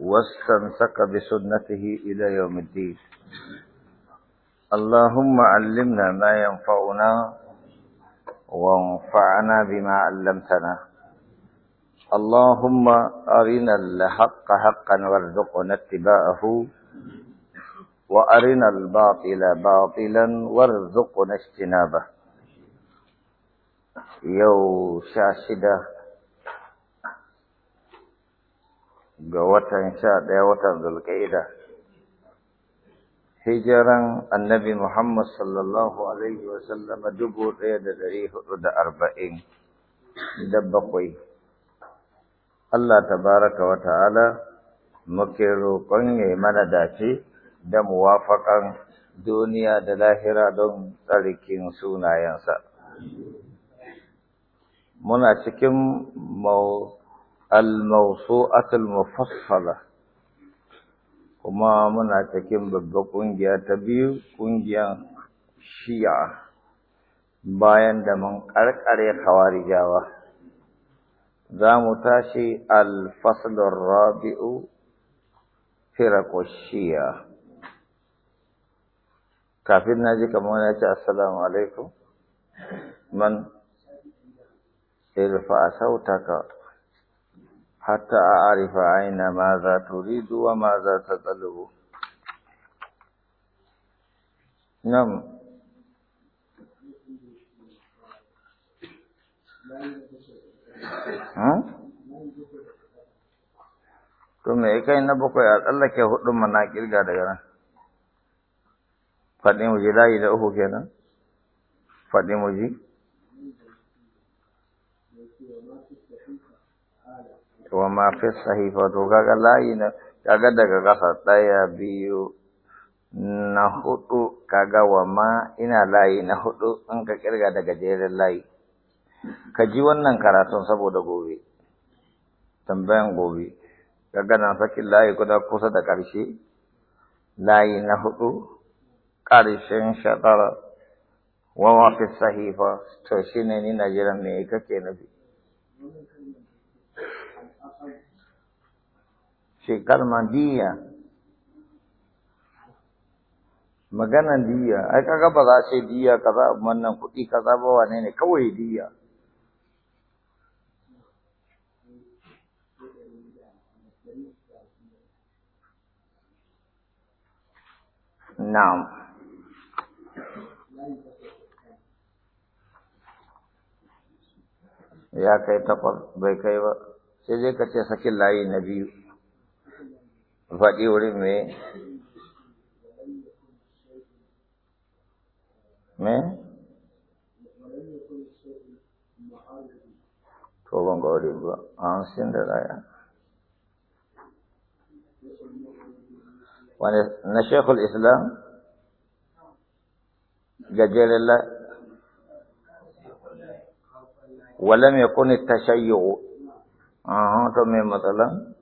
واستمسك بسنته إلى يوم الدين اللهم علمنا ما ينفعنا وانفعنا بما علمتنا اللهم أرنا الحق حقا وارزقنا اتباعه وأرنا الباطل باطلا وارزقنا اجتنابه يو شاشده ga watan sha ɗaya watan zulƙa'ida hijiran annabi Muhammad sallallahu alaihi wa sallama dubu ɗaya da ɗari hudu da arba'in da bakwai Allah Ta baraka wa ta'ala muke roƙon ya yi mana dace da muwafaƙan duniya da lahira don tsarkin sunayensa. Muna cikin mau الموسوعة mufassala kuma muna cikin babbar ƙungiya ta biyu ƙungiyar shi'a bayan da mun ƙarƙare khawarijawa za mu tashi alfaslun rabi'u firaƙo shi'a kafin na ji kamar ya ce assalamu alaikum man ilfa sautaka حتى أعرف أين ماذا تريد وماذا تطلب نعم to me kai na bakwai a tsallake hudu mana kirga daga nan faɗi mu ji layi da uku kenan faɗi mu ji wa ma fi sahifa to kaga layi na kaga daga kasa ɗaya biyu na hudu kaga wa ma ina layi na hudu in ka kirga daga jerin layi ka ji wannan karatun saboda gobe tambayan gobe kaga na sakin layi kuda kusa da ƙarshe layi na hudu ƙarshen shakara wa ma fi sahifa to shine ni na jiran me kake nufi shekar diya maganan diya ai kaga ba za ce diya kaza wannan kuɗi kaza ba wane ne kawai diya na'am ya kai takwas bai kai ba sai dai ka ce sakin layi na biyu faɗi wurin me me to ban ga ba da wani na shekul islam gajeren la walam yakun tashayyu aha to me matsalan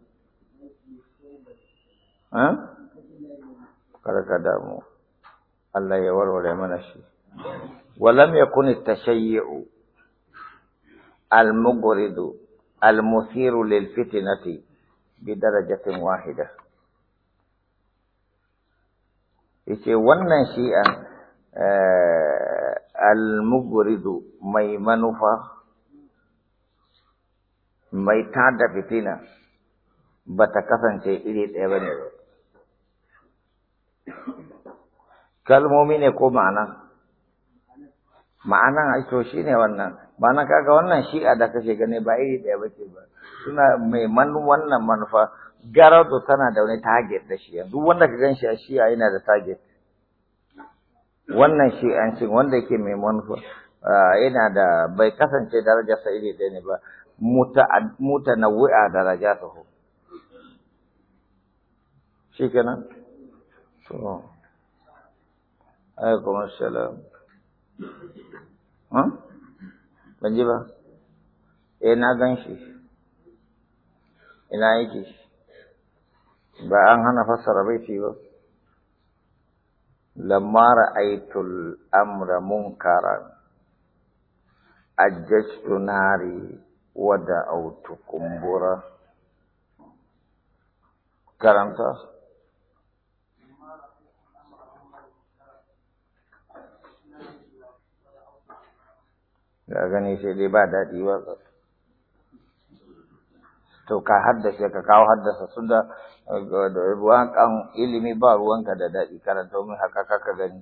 karka damu Allah ya warware mana shi walam kuni at-tashayyu al-mughrid al-muthir lil bi darajatin wahida yace wannan shi'a eh, al mai manufa mai tada fitina bata kasance iri ɗaya bane ba kalmomi ne ko ma'ana ma'anan to shine ne wannan ma'ana kaga wannan shi'a da kashe gane ba iri ɗaya ba ce ba suna mai man wannan manufa garado tana da wani target da shi yanzu wanda ka gan shi a shi'a yana da target wannan shi'ancin wanda yake mai manufa yana da bai kasance daraja sa iri ɗaya ne ba mutanawwi'a shi kenan So, alaikum assalam. Ban ji ba? Eh na gan shi. Ina yake? Ba an hana fassara baiti ba. Lamma ra'aytul amra munkaran ajjastu nari wa kumbura. Karanta. ka gani sai dai ba daɗi ba to ka haddace ka kawo haddasa su da ruwan ilimi ba ruwanka da daɗi karanta min haka ka gani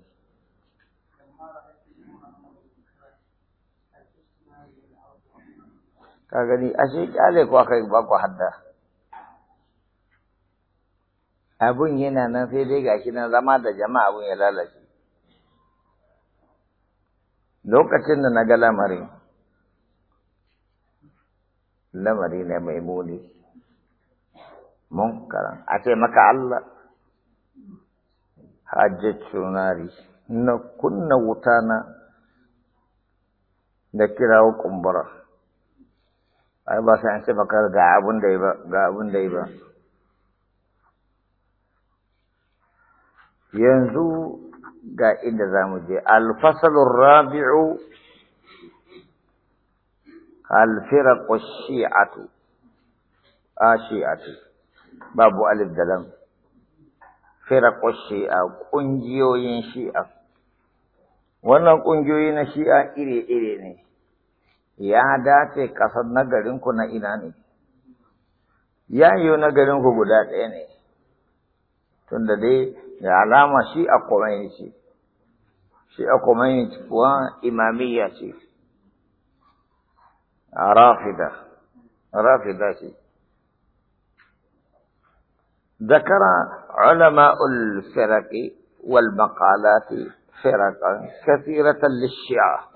ka gani ashe kyale ko aka ba ku hadda abun yana nan sai dai gashi nan zama da jama'a abun ya lalace lokacin da na ga lamarin lamari ne mai muni munkaran a ce maka Allah hajjacunari na kunna wuta na da kirawo kumbura ai ba sai an ce maka ga abin da yi ba ga abin da yi ba yanzu ga inda za mu je alfasalun rabi'u alfiraku shi'atu a shi'atu babu alif da lam shi'a ƙungiyoyin shi'a wannan ƙungiyoyi na shi'a iri-iri ne ya dace ƙasar nagarinku na ina ne ya yiwu nagarinku guda ɗaya ne tunda dai العلامة شيء أقومين شيء شيء أقومين تقوى إمامية شيء رافضة رافضة شيء ذكر علماء الفرق والمقالات فرقا كثيرة للشيعة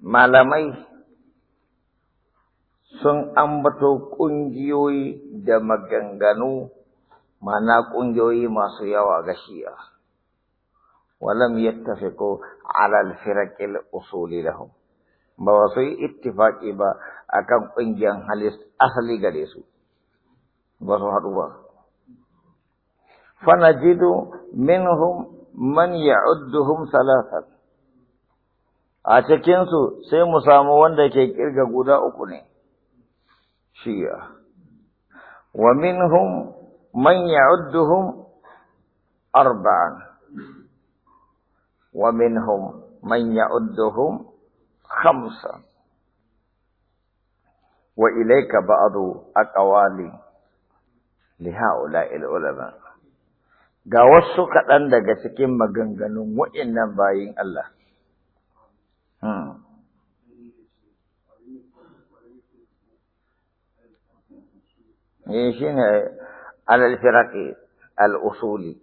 ما لمي سن أمبتو كنجيوي دمجنجنو ma'ana ƙungiyoyi masu yawa ga shi'a walam yattafiqu ala al-firaq al usuli lahum ba wasu yi ittifaqi ba akan ƙungiyar halis asali gare su ba su haɗu ba fanajidu minhum man ya'udduhum salatan a cikinsu sai mu samu wanda ke kirga guda uku ne shi'a wa minhum man ya'udduhum arba'an wa minhum man ya'udduhum khamsan wa ilayka ba'du aqwali li ha'ula'il ulama ga wasu kaɗan daga cikin maganganun wa'innan bayin Allah. Hmm. Ni eh, shi ne على الفرق الأصولي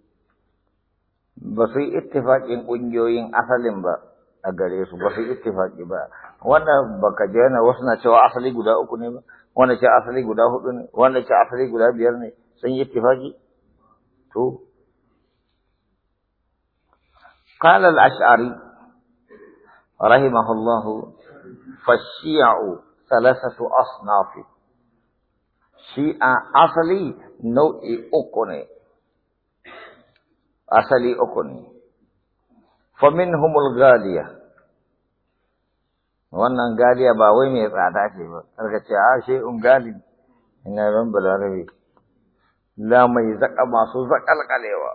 بصي اتفاق قنجوين أصل با أقريس بصي اتفاق با وانا بكجانا وصنا شو أصلي قدا أكوني با وانا شو أصلي قدا هدوني وانا شو أصلي قدا بيرني سنجي اتفاقي تو قال الأشعري رحمه الله فالشيع ثلاثة أصناف shi'a asali nau'i uku ne asali uku ne wannan galiya ba wai mai tsada ce ba karka ce a ah, shi un gali ina ran balarabi la mai zaka masu zakalkalewa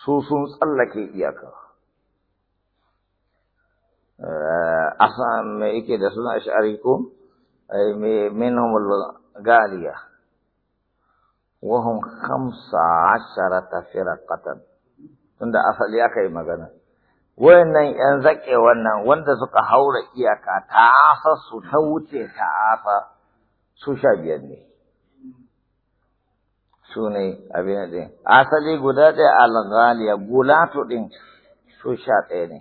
su sun tsallake iyaka eh, asa me yake da suna ash'ari ko ai eh, minhumul غالية وهم خمس عشرة فرقة tunda asali aka yi magana wayannan yan zake wannan wanda suka haura iyaka ta asa su ta wuce ta su sha biyar ne asali guda ɗaya al-ghaliya gulatu ɗin su sha ɗaya ne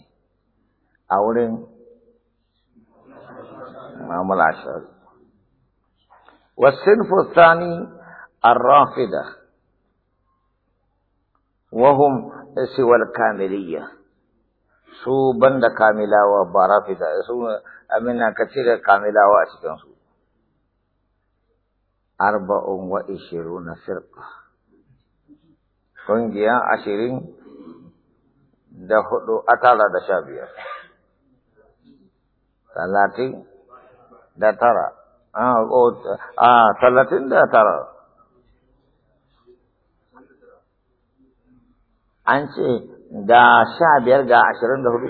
a wurin mamul ashari والصنف الثاني الرافضة وهم سوى الكاملية سو بند كاملة وبرافضة سو أمنا كثير كاملة وأسكن سو أربع وعشرون فرقة كن جيا عشرين دخلوا أتالا دشابية ثلاثين دترى talatin da tara an ce da sha biyar ga ashirin da hudu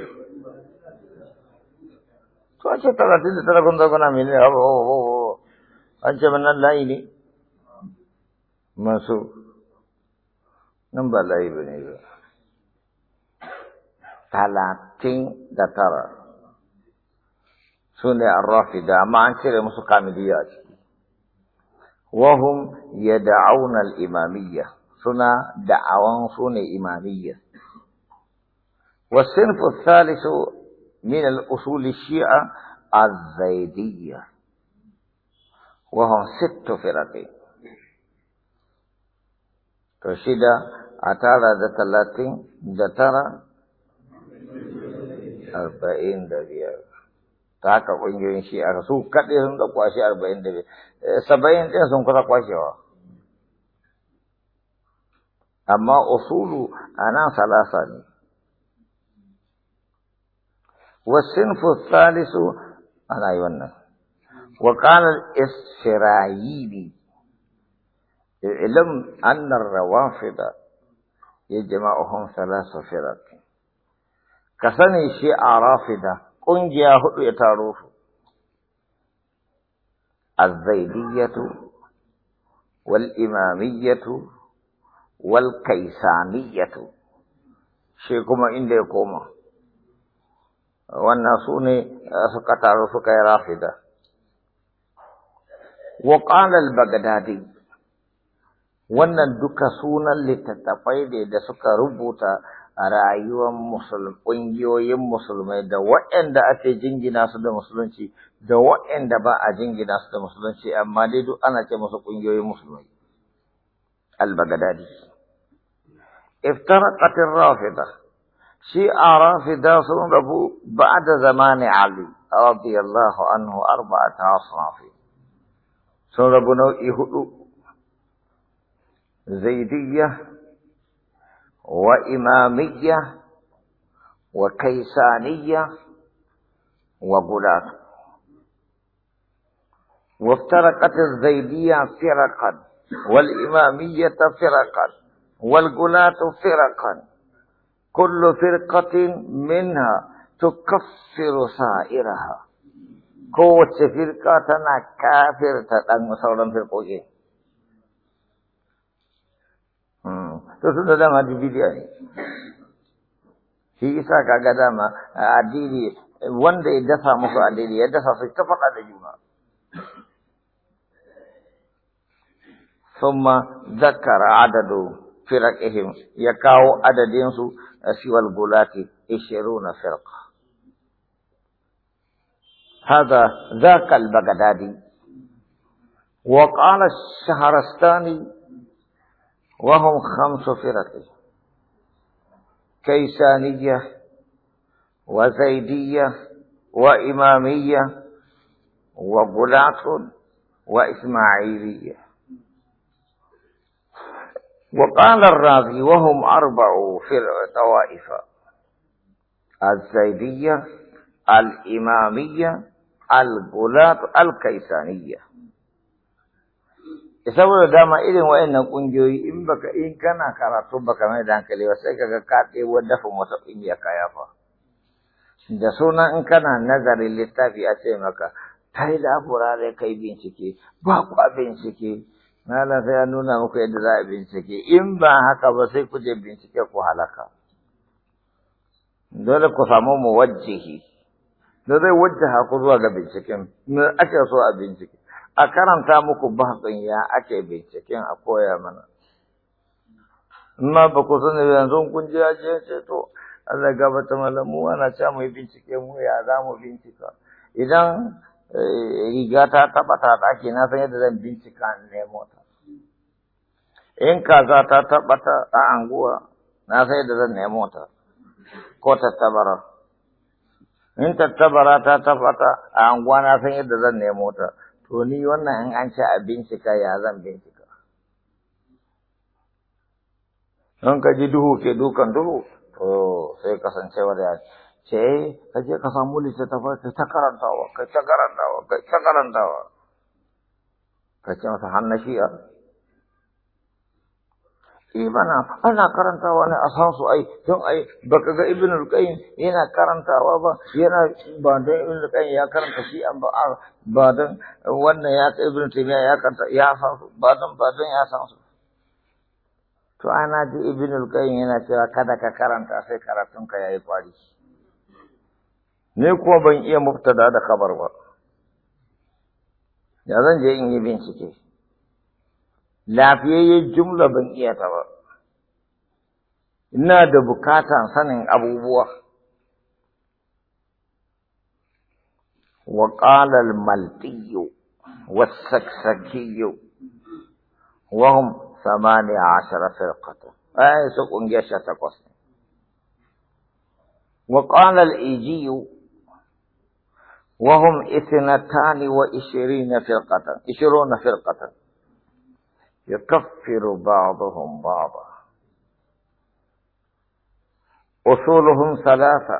to an ce talatin da tara kun zaguna mene an ce manan layi ne masu nan ba layi ba ne ba talatin da tara سنة الرافدة ما أنكر مسقى مدياج وهم يدعون الإمامية سنة دعوان سنة إمامية والصنف الثالث من الأصول الشيعة الزيدية وهم ست فرقين ترشيدا أتارا ذا ثلاثين ذا ترى أربعين ذا ta haka ƙungiyoyin shi a su kaɗai sun da kwashe arba'in da sabayin ɗin sun kusa kwashewa amma usulu a nan salasa ne wasinfu salisu ana yi wannan وقال الإسرائيلي اعلم أن الروافد يجمعهم ثلاث فرق كثني شيء رافدة ƙungiya hudu ya taro su azzaidiyatu wal imamiyatu wal kaisaniyatu shi kuma inda ya koma wannan su ne suka taru suka yi rafida wa qala al bagdadi wannan duka sunan littattafai ne da suka rubuta a rayuwar ƙungiyoyin musulmai da waɗanda ake jingina su da musulunci da waɗanda ba a jingina su da musulunci amma dai duk ana ce musu ƙungiyoyin musulmai al-baghdadi iftaraqat ar-rafida shi ar-rafida sun rabu ba'da zamani ali radiyallahu anhu arba'ata asrafi sun rabu nau'i hudu zaidiyya وإمامية وكيسانية وغلاة وافترقت الزيدية فرقا والإمامية فرقا والغلاة فرقا كل فرقة منها تكفر سائرها كوت فرقة تنا كافر في فرقوكي to tun da dama duk bidiya ne shi isa kaga dama addini wanda ya dasa musu addini ya dasa su ta faɗa da juna ثم ذكر عدد فرقهم يكاو عددين سوى الغلاة عشرون فرقة هذا ذاك البغدادي وقال الشهرستاني وهم خمس فرق كيسانية وزيدية وإمامية وغلاة وإسماعيلية وقال الرازي وهم أربع فرق طوائف الزيدية الإمامية الغلاة الكيسانية saboda dama irin wa'annan kungiyoyi in baka in kana karatu baka mai da hankali ba sai kaga ka ɗebo dafin wata kungiya ka yafa da suna in kana nazarin littafi a ce maka kai da ya kai bincike ba a bincike malam sai ya nuna muku yadda za a bincike in ba haka ba sai ku je bincike ku halaka dole ku samu muwajjihi da zai wajjaha ku zuwa ga binciken me ake so a bincike a karanta muku bahasin ya ake binciken a koya mana amma ba ku sani yanzu kun ji ajiye ceto to Allah gaba ta malamu ana cewa mu bincike mu ya za mu bincika idan eh, riga ta taba ta daki na san yadda zan bincika in nemo ta in kaza ta taba ta a anguwa na san yadda zan nemo ta ko tattabara in tattabara ta taba ta a anguwa na san yadda zan nemo ta to ni wannan in an ce a bincika ya zan bincika in ka ji duhu ke dukan duhu to sai kasance kasancewar ya ce eh, ka je ka samu littattafai ka ta karantawa ka ta karantawa ka ta karantawa ka ce masa har na Eh ana karantawa ne a san su ai don ai baka ga Ibn al-Qayyim yana karantawa ba yana ba da Ibn al-Qayyim ya karanta shi an ba ba dan wannan ya Ibn Taymiya ya karanta ya san su ba dan ba dan ya san su to ana ji Ibn al-Qayyim yana cewa kada ka karanta sai karatun ka yayi kwari ne ko ban iya muftada da kabar ba ya zan je in yi bincike lafiyayyen jumla ban iya ta ba ina da bukatan sanin abubuwa وقال الملتي والسكسكي وهم ثمانية عشر فرقة أي سكون جيشة تقص وقال الإيجي وهم اثنتان وعشرين فرقة عشرون فرقة يكفر بعضهم بعضا أصولهم ثلاثة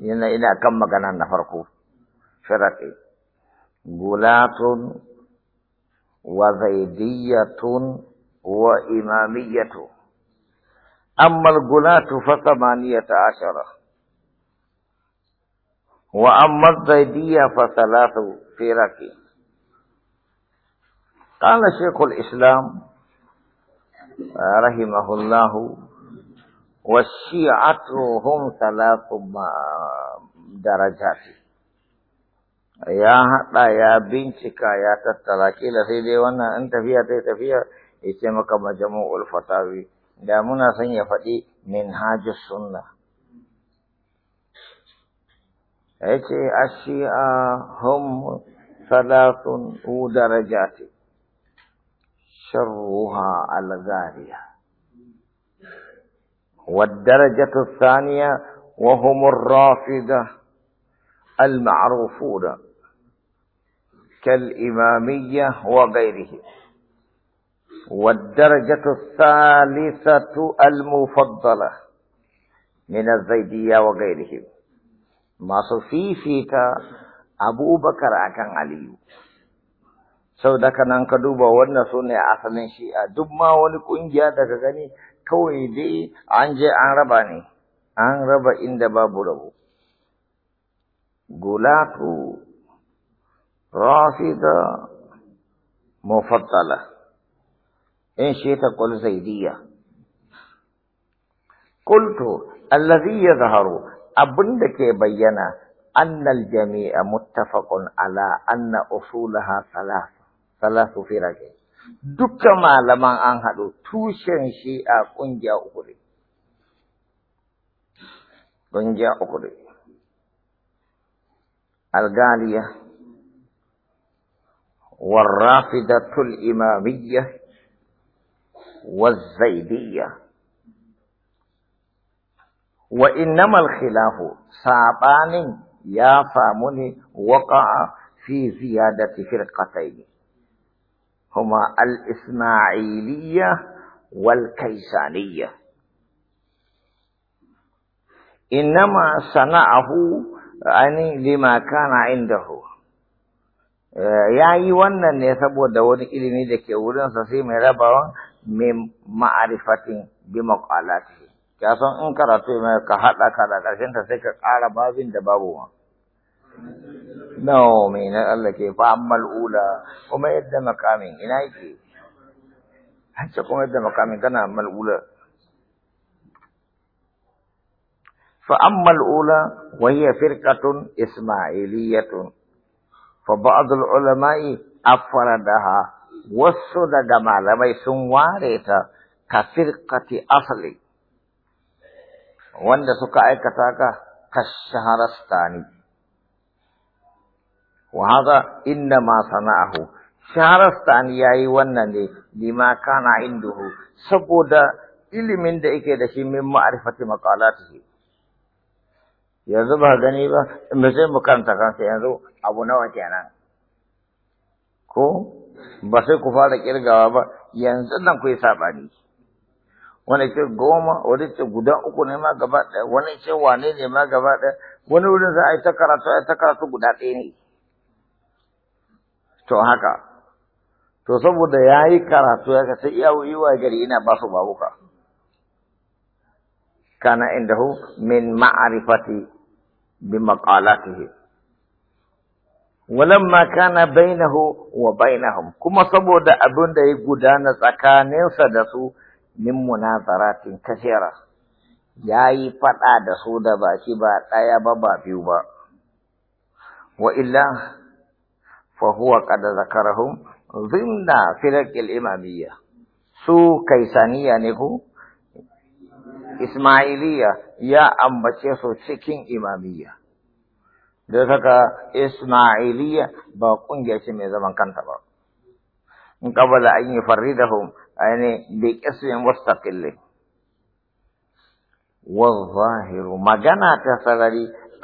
ين إلى كم مكان نفرقوا فرقي غلات وزيدية وإمامية أما الغلاة فثمانية عشر وأما الزيدية فثلاث فرق قال شيخ الإسلام رحمه الله والشيعة هم ثلاث درجات يا هذا يا بنتك يا تتلاكي لسيدي وانا انت فيها تيت فيها اسمك مجموع الفتاوي da منا son فتي faɗi minhajus sunna ya ce ashi'a hum salatun u شرها الغالية والدرجة الثانية وهم الرافدة المعروفون كالإمامية وغيرهم والدرجة الثالثة المفضلة من الزيدية وغيرهم ما صفيفيك أبو بكر أكن علي sau da nan ka duba wannan su ne asalin shi'a duk ma wani ƙungiya daga gani kawai dai an je an raba ne an raba inda babu rabo gulatu rafida mufaddala in shi ta kul zaidiya qultu allazi abin abinda ke bayyana annal jami'a muttafaqun ala anna usulaha thalatha salatu firaqi dukkan malaman an haɗu tushen shi a ƙungiya uku ne ƙungiya uku ne algaliya والرافضة الإمامية والزيدية وإنما khilafu صعبان ya famuni وقع fi ziyadati فرقتين هما الإسماعيلية والكيسانية إنما صنعه يعني لما كان عنده ya yi wannan ne saboda wani ilimi da ke wurinsa sai mai rabawa, mai ma'arifatin bi maƙalati ya san in karatu mai ka haɗa ka da ƙarshen ta sai ka ƙara babin da babu wani. No, me na Allah ke fa ammal ula kuma yadda makamin ina yake. Hacce kuma yadda makamin kana ammal ula. Fa ammal ula wa hiya firqatun ismailiyatun. Fa ba'd al ulama'i afradaha wasu daga malamai sun ware ta ka firqati asali wanda suka aikata ka kashharastani. وهذا inna ma sana'ahu ya yi wannan ne lima kana induhu saboda ilimin da yake da shi min ma'rifati maqalatihi yanzu ba gani ba me sai mu kanta kansa yanzu abu nawa kenan ko ba sai ku fara kirgawa ba yanzu nan ku yi sabani wani ce goma wani ce guda uku ne ma gaba ɗaya wani ce wane ne ma gaba ɗaya wani wurin za a yi ta karatu a yi ta karatu guda ɗaya ne to haka to saboda ya yi karatu ya ka sai yi wa gari ina ba su babuka kana hu min ma'arifati bi Walan ma kana bainahu wa bainahum kuma saboda abin da ya gudana tsakaninsa da su min munazaratin kashera. ya yi faɗa da su da baki ba ɗaya ba ba biyu ba wa illa فهو قد ذكرهم ضمن فرق الإمامية سو كيسانية نكو إسماعيلية يا أم بچيسو چكين إمامية دوثكا إسماعيلية باقون جيش من زمان كانتبا قبل أن يفردهم يعني باسم مستقل والظاهر ما جنات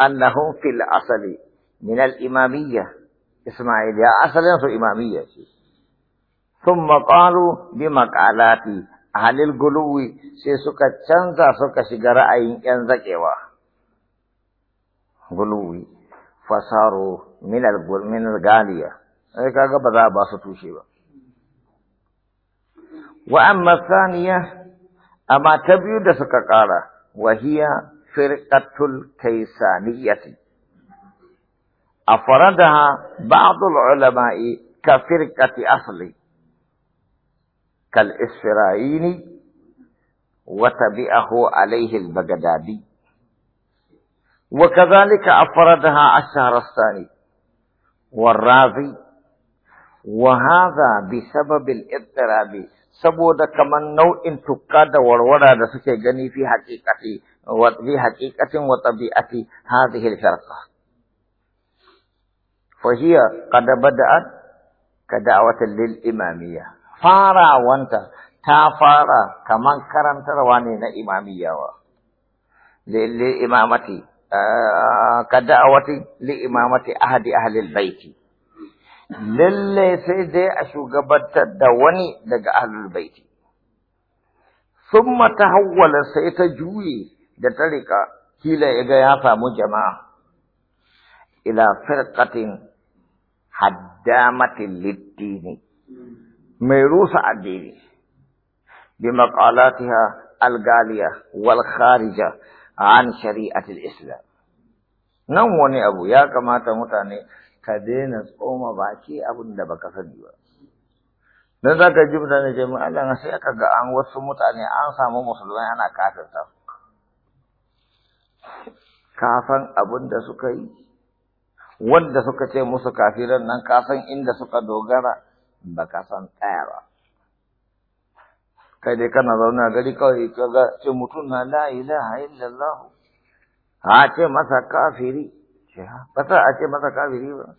أنهم في الأصل من الإمامية Isma'il ya asalin su imamiyya ce. Sun maƙalu bi maƙalati a halil guluwi sai suka canza suka shiga ra'ayin ‘yan zaƙewa. Guluwi, min al galiya, sai kaga ba za tushe ba su tushe ba. وأما الثانية أما تبيو دسك قارة وهي فرقة الكيسانية أفردها بعض العلماء كفرقة أصل كالإسرائيلي وتبعه عليه البغدادي وكذلك أفردها الشهرستاني والرازي وهذا بسبب الاضطراب saboda كما نو ان da ورورا دسكي جني في حقيقتي وفي wa وطبيعتي هذه الفرقة فهي قد بدأت كدعوة للإمامية فارا وانت تافارا كمان كرم ترواني نا إمامية و. لإمامتي آه، كدعوة لإمامة أهد أهل البيت للي سيدي أشو قبت دواني لغ أهل البيت ثم تحول سيتا جوي دتلك كيلا إغياثا مجمع إلى فرقة haddamatin ne mai rusa addini bi maqalatiha al wal kharija an shari'atil islam nan wani abu ya kamata mutane ka daina tsoma baki abin da baka sani ba dan zaka ji mutane ce Allah na sai aka ga an wasu mutane an samu musulmai ana kafirta Kafan san abin suka yi wanda suka ce musu kafiran nan ka san inda suka dogara ba ka san tsaya ba kai dai kana zauna gari kawai ka ga ce mutum na la ilaha illallah a ce masa kafiri ba ta a ce masa kafiri ba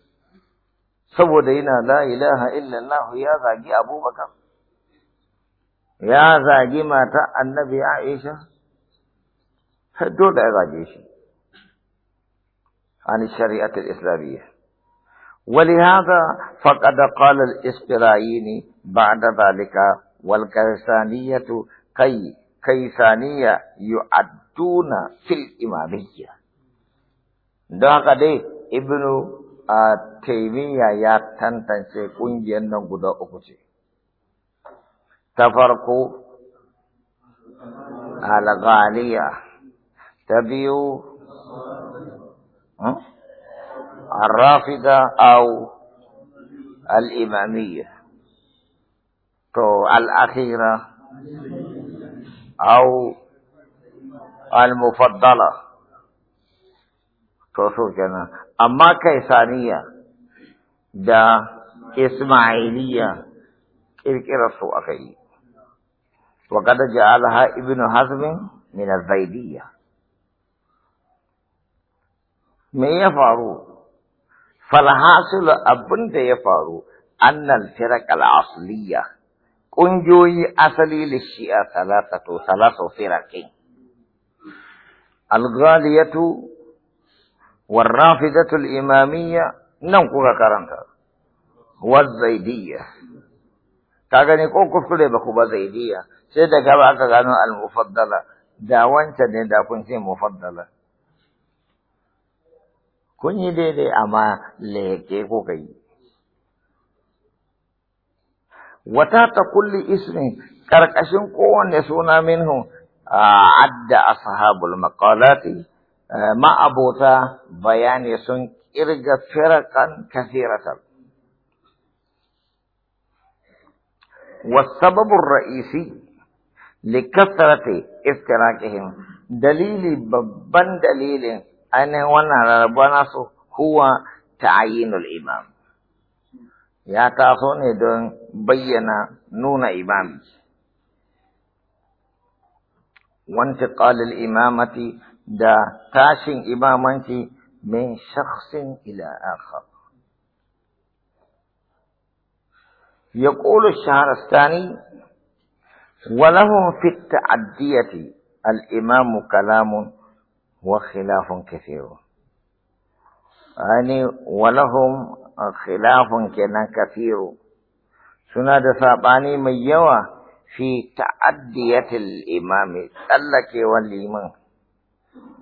saboda yana la ilaha illallah ya zagi abubakar ya zagi mata annabi aisha dole ya zage shi عن الشريعة الإسلامية ولهذا فقد قال الإسبرايني بعد ذلك والكيسانية كي كيسانية يعدون في الإمامية ده قد ابن آه، تيمية يا تنتنسي كنجي نغدا أكوشي تفرقوا غالية تبيو الرافضة أو الإمامية تو الأخيرة أو المفضلة تو سوچنا أما كيسانية دا إسماعيلية كركرة سوء وقد جعلها ابن حزم من الزيدية مي يفارو فالحاصل ابن دي يفارو ان الفرق الاصلية كن جوي اصلي للشيء ثلاثة ثلاثة فرقين الغالية والرافضة الامامية ننقوها كرانتا والزيدية كاغاني كوكو سولي بكوبا زيدية سيدا كاغاني المفضلة داوانتا دي دا كنتي مفضلة kun yi daidai amma leke kuka yi wata ta kulli ismin ƙarƙashin kowanne suna minhu adda ashabul maqalati ma'abota bayani sun kirga firakan kathiratan والسبب الرئيسي لكثرة افتراقهم دليل ببن دليل ainihin wannan rarrabuwa nasu huwa ta'ayyinul imam ya taso ne don bayyana nuna وانتقال الإمامة دا تاشن إمامتي من شخص إلى آخر يقول الثاني وله في التعدية الإمام كلام Wa kilafun ka siro, wani walaho ah, kenan ka suna da saɓani mai yawa fi ta'addiyatin limame tsallakewar liman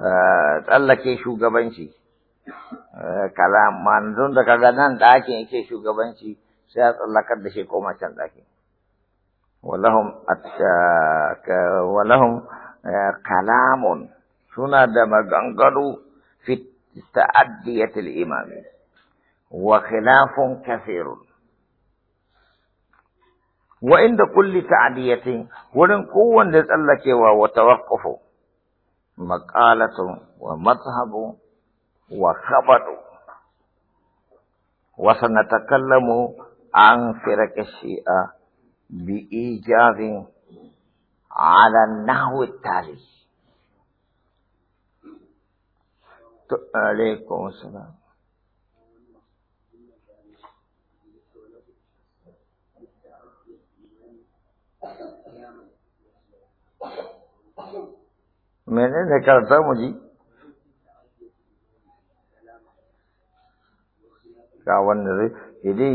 ah, tsallake shugabanci eh, kala ma'anzun da ka ga nan dakin ke shugabanci siyasu Allah da shi komai can dakin walahum ati ah, ka walahum kalaman. سنادى مجنجر في تأدية الإمام وخلاف كثير وعند كل تعدية ولن قوة لذلك وتوقف مقالة ومذهب وخبر وسنتكلم عن فرق الشيء بإيجاب على النحو التالي तो अलैकुम अस्सलाम मैंने निकालता मुझे ga wanda zai idi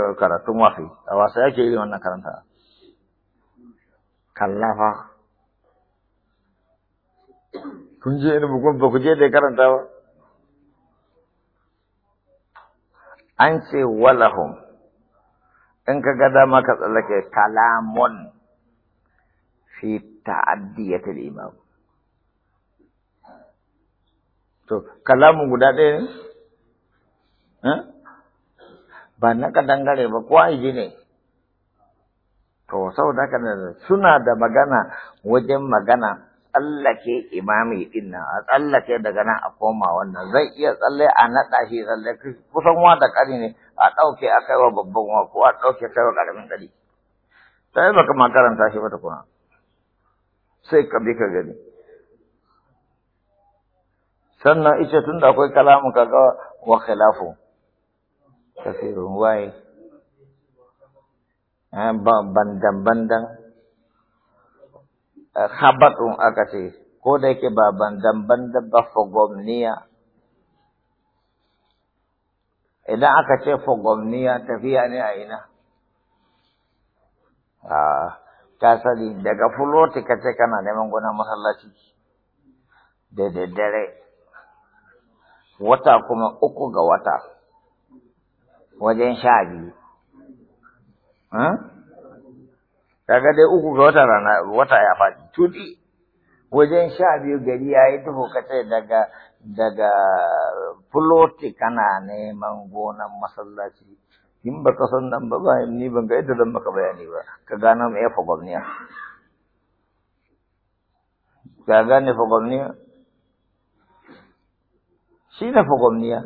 a wasa yake yi wannan karanta kallafa kun je ni ba je da karanta ba an ce walahum in ka ga dama ka tsallake kalamun fi ta'addiyatul imam to kalamun guda ɗaya ne ba na gare ba kuwa iji ne to saboda haka suna da magana wajen magana tsallake imami din nan a tsallake daga nan a koma wannan zai iya tsalle a naɗa shi tsalle kusan wa da ƙari ne a ɗauke a kai wa babban wa ko a ɗauke kai wa ƙaramin ƙari ta yi baka makaranta shi ba kuma sai ka bi ka gani sannan ita tun da akwai kalamu ga wa khilafu kafirun waye eh, ban dan khabatun um aka ce ko da yake ba bandan ba fogomniya idan aka ce fogomniya tafiya ne a ina ta sani daga fuloti ka ce kana neman gona masallaci da dare, wata kuma uku ga wata wajen sha biyu hmm? kaga dai uku ga wata rana wata ya faɗi tudi wajen sha biyu gari ya yi duhu kace daga daga fuloti kana neman gonan masallaci in ba ka san nan ba ba ni ban ga yadda zan maka bayani ba ka gano mai ya fa ka gane fa shi ne fa gwamniya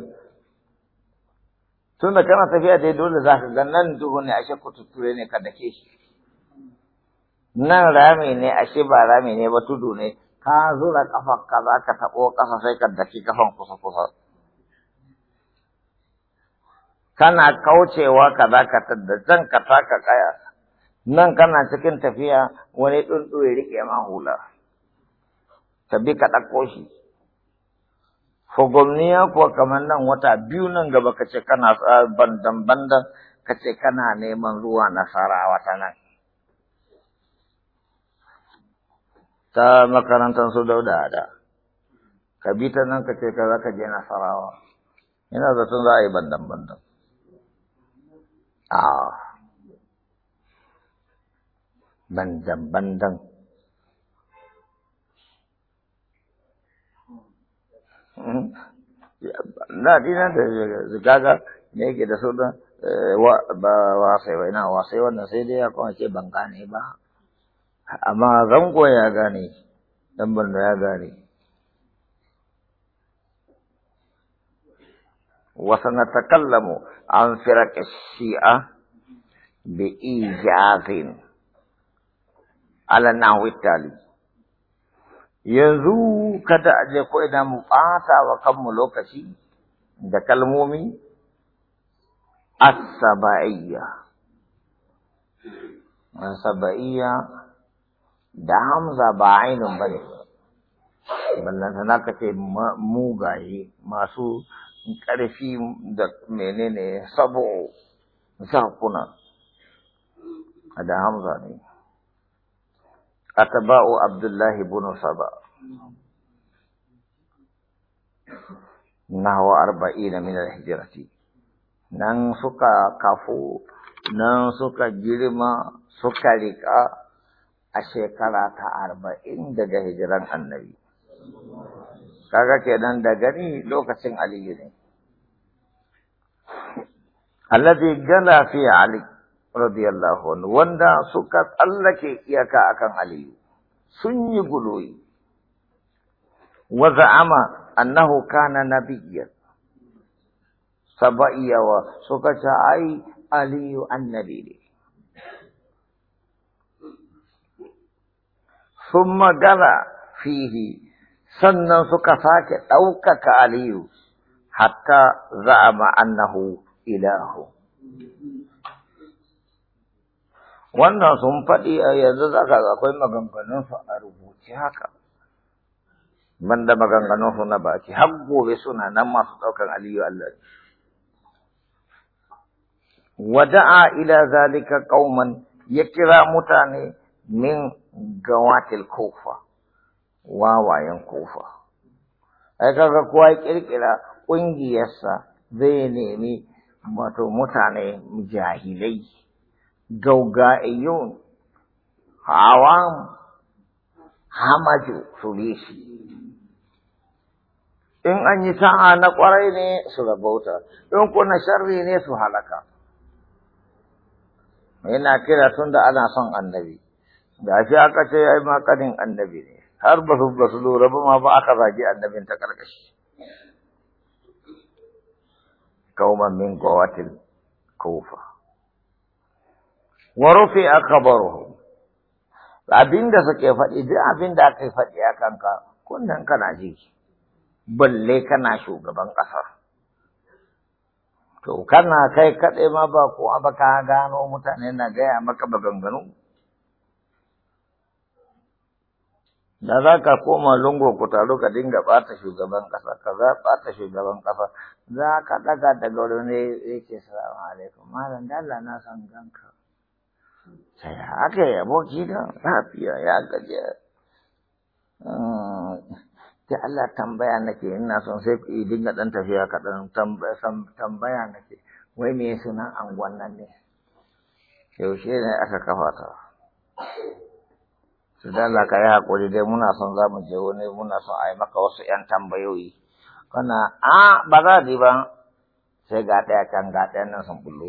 tunda kana tafiya dai dole za ka ga nan duhu ne ashe kututture ne ka dake shi nan rami ne ashe ba rami ne ba tudu ne ka zura kafa ka za ka taɓo ƙasa sai ka daki kafan kusa kusa kana kaucewa ka za ka tadda can ka taka kaya nan kana cikin tafiya wani tsuntsu ya riƙe ma hula ka bi ka ɗauko shi fogomniya kuwa kamar nan wata biyu nan gaba ka ce kana ah, bandan bandan ka ce kana neman ruwa nasara wata nan ta makarantar su dauda da ka bi ta nan ka ce ka za ka je nasarawa ina zaton za a yi bandan-bandan ah. bandan-bandan hmm? na dina da zigaga ne ke da su da eh, wasai wa ina wasai wannan sai dai ya kuma ce ban gane ba amma zango ya gane dan banda ya gane wa takallamu an firaq shia bi ijazin ala nahwi yanzu kada aje ko ina mu ɓata wa kanmu lokaci da kalmomi asaba'iyya. da hamza ba ainun bane ballan na kace ce mugaye masu ƙarfi da menene sabo zakuna da hamza ne atba'u abdullahi ibn saba nahwa arba'ina min al nan suka kafu nan suka girma suka riƙa a shekara ta arba'in daga hijiran annabi. Kaga kenan da gani lokacin Aliyu ne. Alladhi gala fi Ali radiyallahu anhu wanda suka tsallake iyaka akan Aliyu sun yi guloyi wa ama annahu kana nabiyyan sabaiyawa suka ce ai Aliyu annabi ne. sun magana fihi sannan suka sake ɗaukaka aliyu hatta za a ma'annahu ilahu wannan sun faɗi a yanzu za ka akwai maganganunsu a rubuce haka banda maganganunsu na baki har gobe suna nan masu ɗaukan aliyu Allah wada'a ila zalika ƙauman ya kira mutane min gawatil kofa wawayen kofa ai kaga kowa ya kirkira ƙungiyarsa zai nemi wato mutane jahilai gauga'iyyun awam hamaju su shi in an yi sa'a na ƙwarai ne su rabauta in kuna sharri ne su halaka yana kira tun da ana son annabi da shi aka ce ai ma kanin annabi ne har ba su ba su lura ba ma ba aka zagi annabin ta karkashi kauman min gawatil kufa wa rufi abin da suke faɗi duk abin da aka faɗi a kanka kunnan kana ji balle kana shugaban kasa to kana kai kaɗai ma ba ko ba ka gano mutane na gaya maka maganganu da za ka koma lungo ku taro ka dinga bata shugaban ƙasa ka za ɓata shugaban kasa za ka ɗaga daga wurin ne yake salamu alaikum malam dalla na san ganka sai haka ya boki da lafiya ya gaje ta mm, Allah tambaya nake ina son sai ku dinga ɗan tafiya kaɗan tambaya nake wai me sunan angon nan ne yaushe ne aka kafa ta to da Allah ka yi dai muna son za mu je wani muna son a yi maka wasu ‘yan tambayoyi kana a ba za ji ba sai ga ɗaya can ga ɗayan nan sun bullo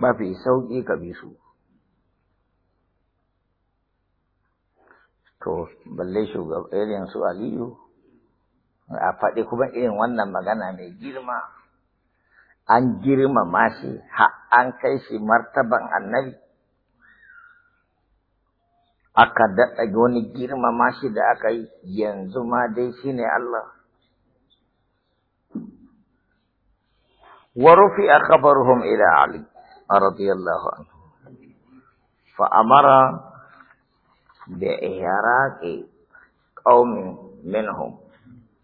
mafi sauƙi ka bi su to balle shugaban irin su aliyu a faɗi kuma irin wannan magana mai girma an girmama shi har an kai shi martaban annabi aka daɗa wani girmama shi da aka yi yanzu ma dai shi ne Allah. a ورفع خبرهم إلى علي رضي الله عنه فأمر بإهراك قوم منهم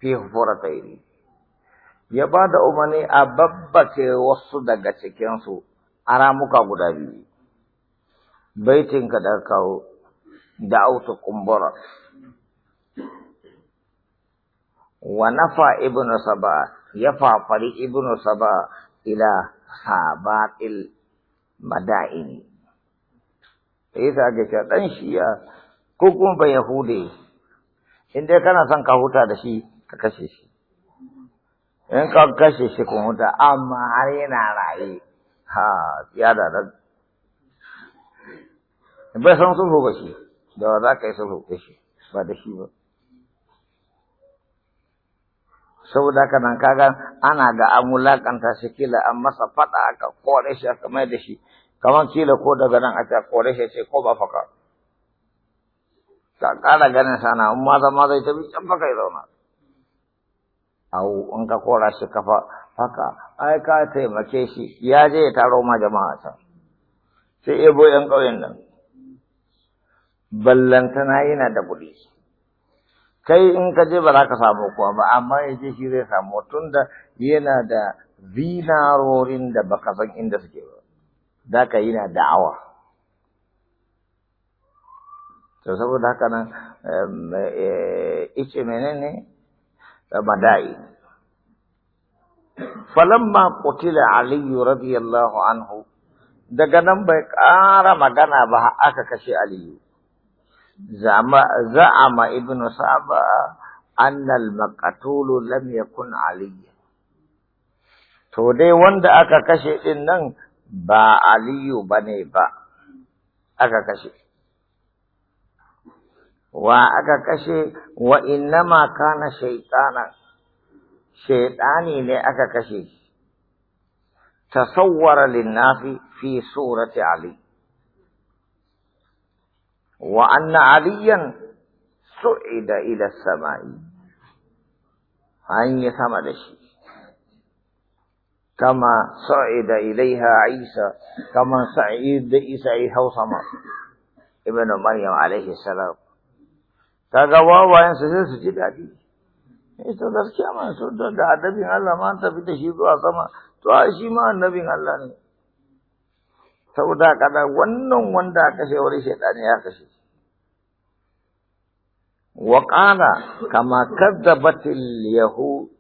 في حفرتين ya ba da umarni a babbace wasu daga cikinsu a ramuka guda biyu baitinka da kawo da'autu kumbura wa nafa ibnu saba ya fafari ibnu saba ila sabatil madaini sai ta ga shi ya. ko kuma ban yahude in dai kana son ka huta da shi ka kashe shi in ka kashe shi kun huta amma har yana raye ha ya da ba san sulhu ba shi da za ka yi sulhu da shi ba da shi ba saboda haka nan kaga ana ga an wulakanta shi kila an masa faɗa aka kore shi aka mai da shi kamar kila ko daga nan aka kore shi ce ko ba faka ka ƙara ganin sana in maza ma zai tafi can faka ya zauna au in ka kora shi kafa faka ai ka taimake shi ya je ya taro ma jama'a ta. sai ebo yan ƙauyen nan ballantana yana da kuɗi kai in ka je ba za ka samu kuwa ba amma ya je shi zai samu tun da yana da zinarorin da baka san inda suke ba za ka yana da'awa to saboda haka nan eh, ice menene mada'i falamma qutila ali radiyallahu anhu daga nan bai ƙara magana ba aka kashe aliyu ma Ibnu Saba, Annal المقتول lam yakun Aliyu. to dai wanda aka kashe din nan ba aliyu bane ba aka kashe wa aka kashe wa innama kana shaytana shaytani ne aka kashe tasawwara lin nafi fi surati ali wa anna aliyan su'ida ila sama'i hanya sama da shi kama sa'ida ilaiha isa kama sa'ida isa ya hau sama ibn maryam alaihi salam kaga wawayen su sai su ji daɗi to gaskiya ma su da adabin Allah ma tafi da shi zuwa sama to shi ma annabin Allah ne saboda kada wannan wanda kashe wani shaitani ya kashe wa qala kama kadzabatil al-yahud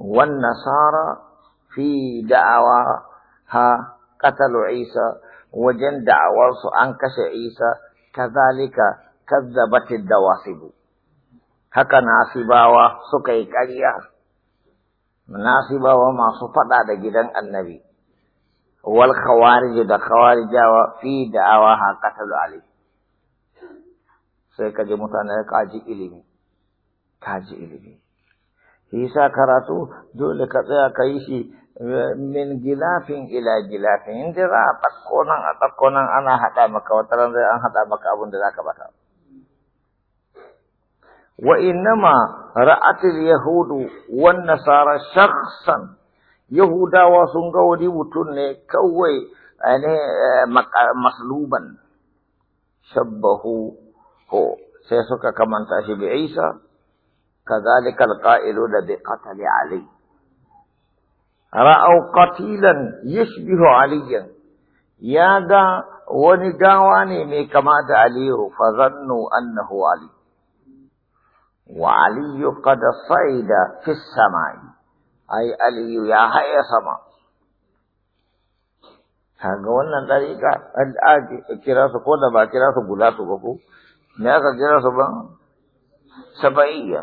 wan nasara fi da'awa ha qatalu isa wajen da'awar su an kashe isa kazalika kadzabat dawasib haka nasibawa suka yi ƙarya nasibawa masu fada da gidan annabi wal khawarij da khawarijawa fi da'awa ha qatalu ali sai kaje mutane kaji ilimi kaji ilimi yasa karatu dole ka tsaya ka yi shi eh, min gilafin ila gilafin inda za a ɗakko nan a ɗakko nan ana haɗa maka wata ran zai an haɗa maka abin da za ka bata wa innama ra'atil yahudu wan nasara shakhsan Yahudawa sun ga wani mutum ne kawai ne eh, masluban shabbahu ko sai suka kamanta shi bi Isa كذلك القائلون بقتل علي رأوا قتيلا يشبه عليا يا دا ونقاواني مي كما علي فظنوا أنه علي وعلي قد صعد في السماء ai aliyu ya haya sama kaga wannan dariƙa an kira su ko da ba kira su guda su ba ko me aka kira su ba sabaiya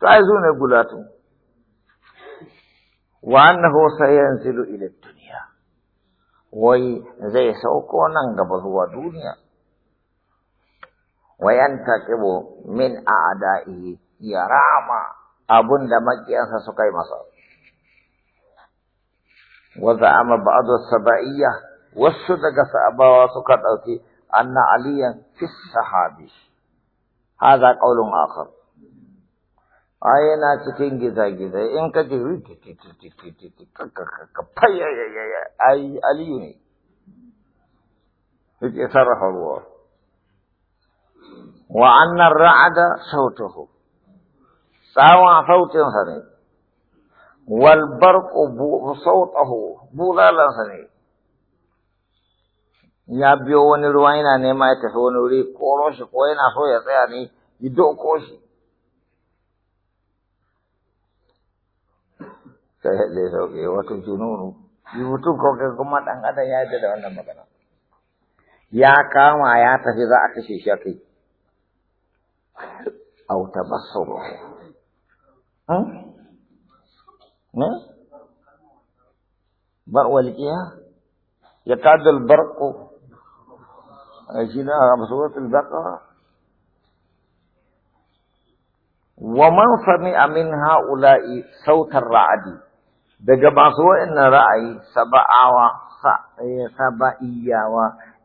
to ai zo ne gulatu wa annahu sayanzilu ila dunya wai zai sauko nan gaba zuwa duniya wa yantaqibu min a'da'i ya rama abunda makiyansa suka yi masa وزعم بعض السبائية والصدق سأبا وسكت أوتي أن عليا في الصحابي هذا قول آخر أين تكين جزا جزا إن كجري أي عليني يتصرف الله وأن الرعد صوته سواء صوته هذا والبرق صوته بولالا سني ya biyo wani ruwa yana nema ya tafi wani wuri koro shi ko yana so ya tsaya ne ya doko shi ya kama ya tafi za a kashe shi ne bar walqiya ya kadal barko ajina na a suratul baqara wa man sami'a min ha'ula'i sautar ra'adi daga masu wa'annan ra'ayi saba'awa eh, saba'iyawa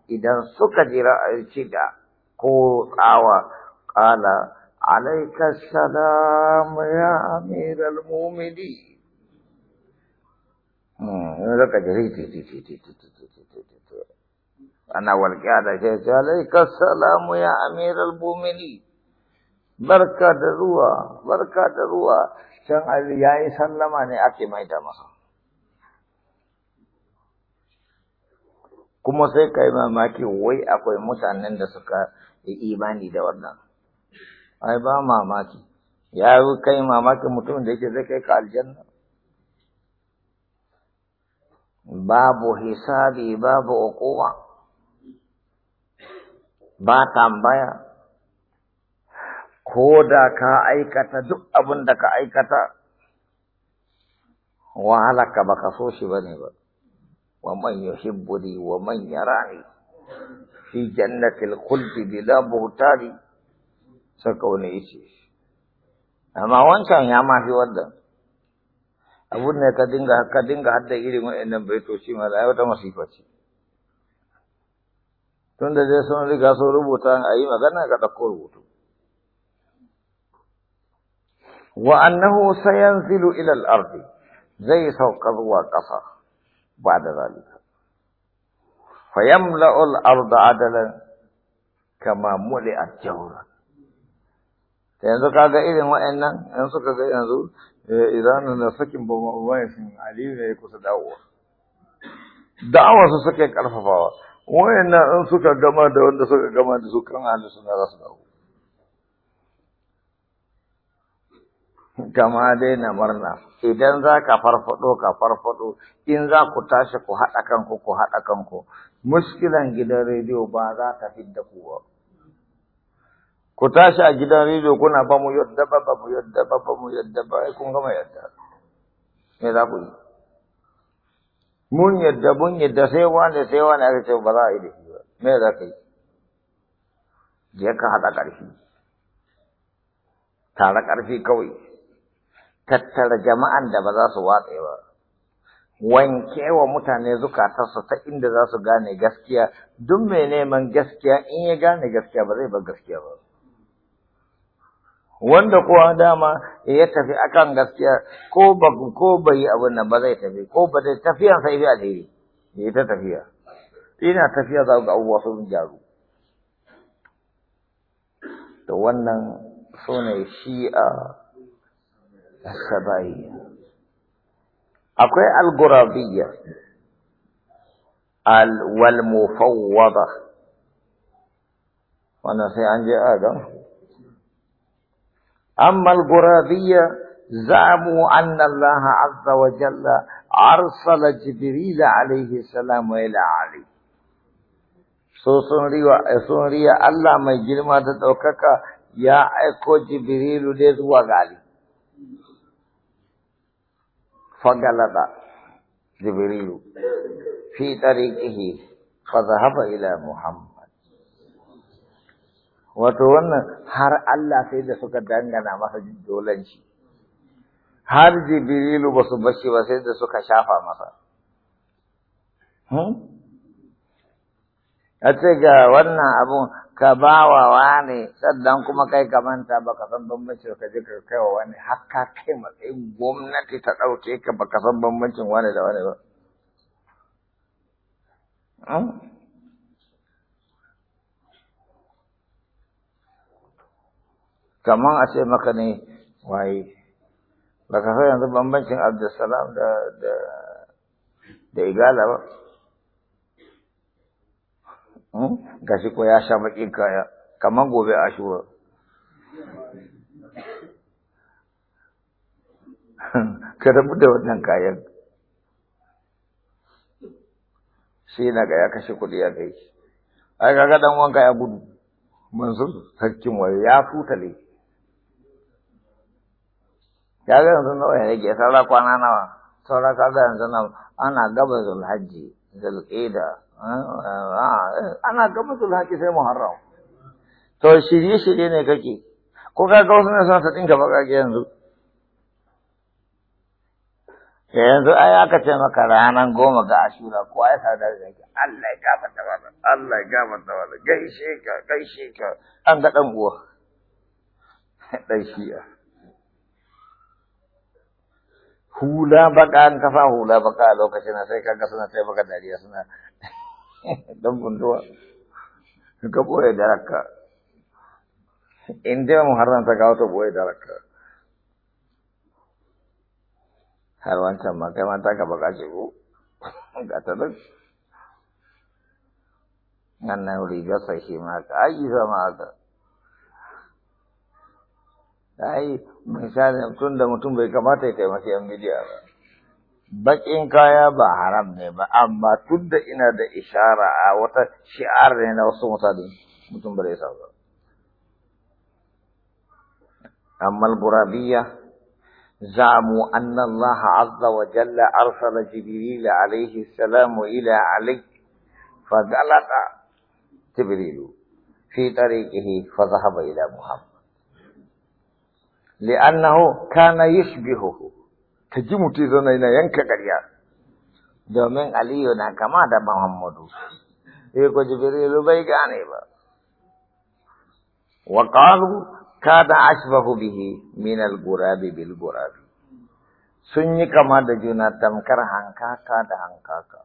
idan suka ji ra'ayi shiga ko tsawa qala alayka salam ya amiral mu'minin yanzu ka jiri ana walƙiya da ke ce alaika salamu ya amiral bumini barka da ruwa barka da ruwa can ali ya yi sallama ne ake maida masa kuma sai ka yi mamaki wai akwai mutanen da suka yi imani da wannan ai ba mamaki ya kai mamaki mutum da yake zai kai ka aljanna babu hisabi babu uquwa ba tambaya ko da ka aikata duk abin da ka aikata wahala ba ka so shi ba ne ba wa man yuhibbuni wa man yarani fi jannatil khuldi bila buhtari saka wani yace amma wancan ya mafi wannan abun ne ka dinga ka dinga hadda irin wa'annan baitoci ma ai wata masifa ce tun da dai sun riga sun rubuta a yi magana ka ɗauko rubutu wa annahu sayanzilu ila al-ardi zai sauka zuwa ƙasa ba da zalika fa yamla'u al-arda adalan kama muli'at jawra yanzu kaga irin wa'annan yanzu kaga yanzu Eh, idan da sakin ba mabayin aliyu ne kusa dawowa da'awa su suke karfafawa na in suka gama da wanda suka gama da su kan hannu suna rasu dawo kama dai na murna idan za ka farfado ka farfado in za ku tashi ku haɗa kanku ku haɗa kanku muskilan gidan rediyo ba za ta fidda ku ba ku tashi a gidan rediyo kuna ba mu yadda ba ba mu yadda ba ba mu yadda ba ai kun gama yadda me za ku yi mun yadda mun yadda sai wani sai wani aka ce ba za a yi da shi ba me za ka yi je ka haɗa ƙarfi tare ƙarfi kawai tattara jama'an da ba za su watsa ba wanke wa mutane zukatarsu ta inda za su gane gaskiya duk mai neman gaskiya in ya gane gaskiya ba zai bar gaskiya ba wanda kowa dama ya tafi akan gaskiya ko ba ko bai abin nan ba zai tafi ko ba zai tafiya sai bi alheri ya ta tafiya ina tafiya za ga abubuwa sun jaru. to wannan sune shi'a sabai akwai al-gurabiyya al wal mufawwada wannan sai an je a أما القرابية زعموا أن الله عز وجل أرسل جبريل عليه السلام إلى علي سنريا الله ما يجرم هذا توكاكا يا أكو جبريل ليس وغالي فقالتا جبريل في طريقه فذهب إلى محمد wato wannan har Allah sai da suka dangana masa dolan shi har jibrilu ba su bashi ba sai da suka shafa masa hmm? a ce ga wannan abun ka ba wa wani sannan kuma kai ka manta ba ka san bambancin ka ji ka kai wa wani har ka kai matsayin gwamnati ta ɗauke ka ba ka san bambancin wani da wani ba hmm? kamar a ce maka ne waye ba ka yanzu bambancin abdulsalam da da da igala ba hmm? gashi ko ya sha baƙin kaya kamar gobe ashura ka rabu da wannan kayan shi na ga ya kashe kuɗi ya kai ai kaga dan wanka ya gudu mansur hakkin waye ya futa ne. kaga yanzu nawa ya rage saura kwana nawa saura kaga yanzu na ana gaba zulhajji zulqida eh, ah, ana gaba zulhajji sai muharram to shirye shirye ne kake ko ga wasu ne suna ta dinka bakake yanzu yanzu ai aka ce maka ranar goma ga ashura ko ai sa da zaki Allah ya gafarta wa Allah ya gafarta wa gaishe ka gaishe ka an ga dan uwa dan shi'a hula baka an kafa hula baka a lokacin na sai kaga suna sai baka dariya suna don gunduwa ka boye da rakka in dai muharram ta kawo ta boye da rakka har wancan ma kai mata ka baka ce ko oh, ga ta nan nan riga sai ma ka ayi zama ka ai misalnya tun da mutum bai kamata ya taimaki yan bidiya ba bakin kaya ba haram ne ba amma tun da ina da ishara a wata shi'ar ne na wasu mutane mutum bai sa ba amma al-burabiyya زعموا أن الله عز وجل أرسل جبريل عليه السلام إلى علي jibril fi tariqihi fa فذهب ila muhammad li'annahu kana yashbihuhu ta ji mutu zana yana yanka ƙarya domin aliyu na kama da muhammadu sai ko jibrilu bai gane ba wa qalu kana ashbahu bihi min al-gurabi bil gurabi sun yi kama da juna tamkar hankaka da hankaka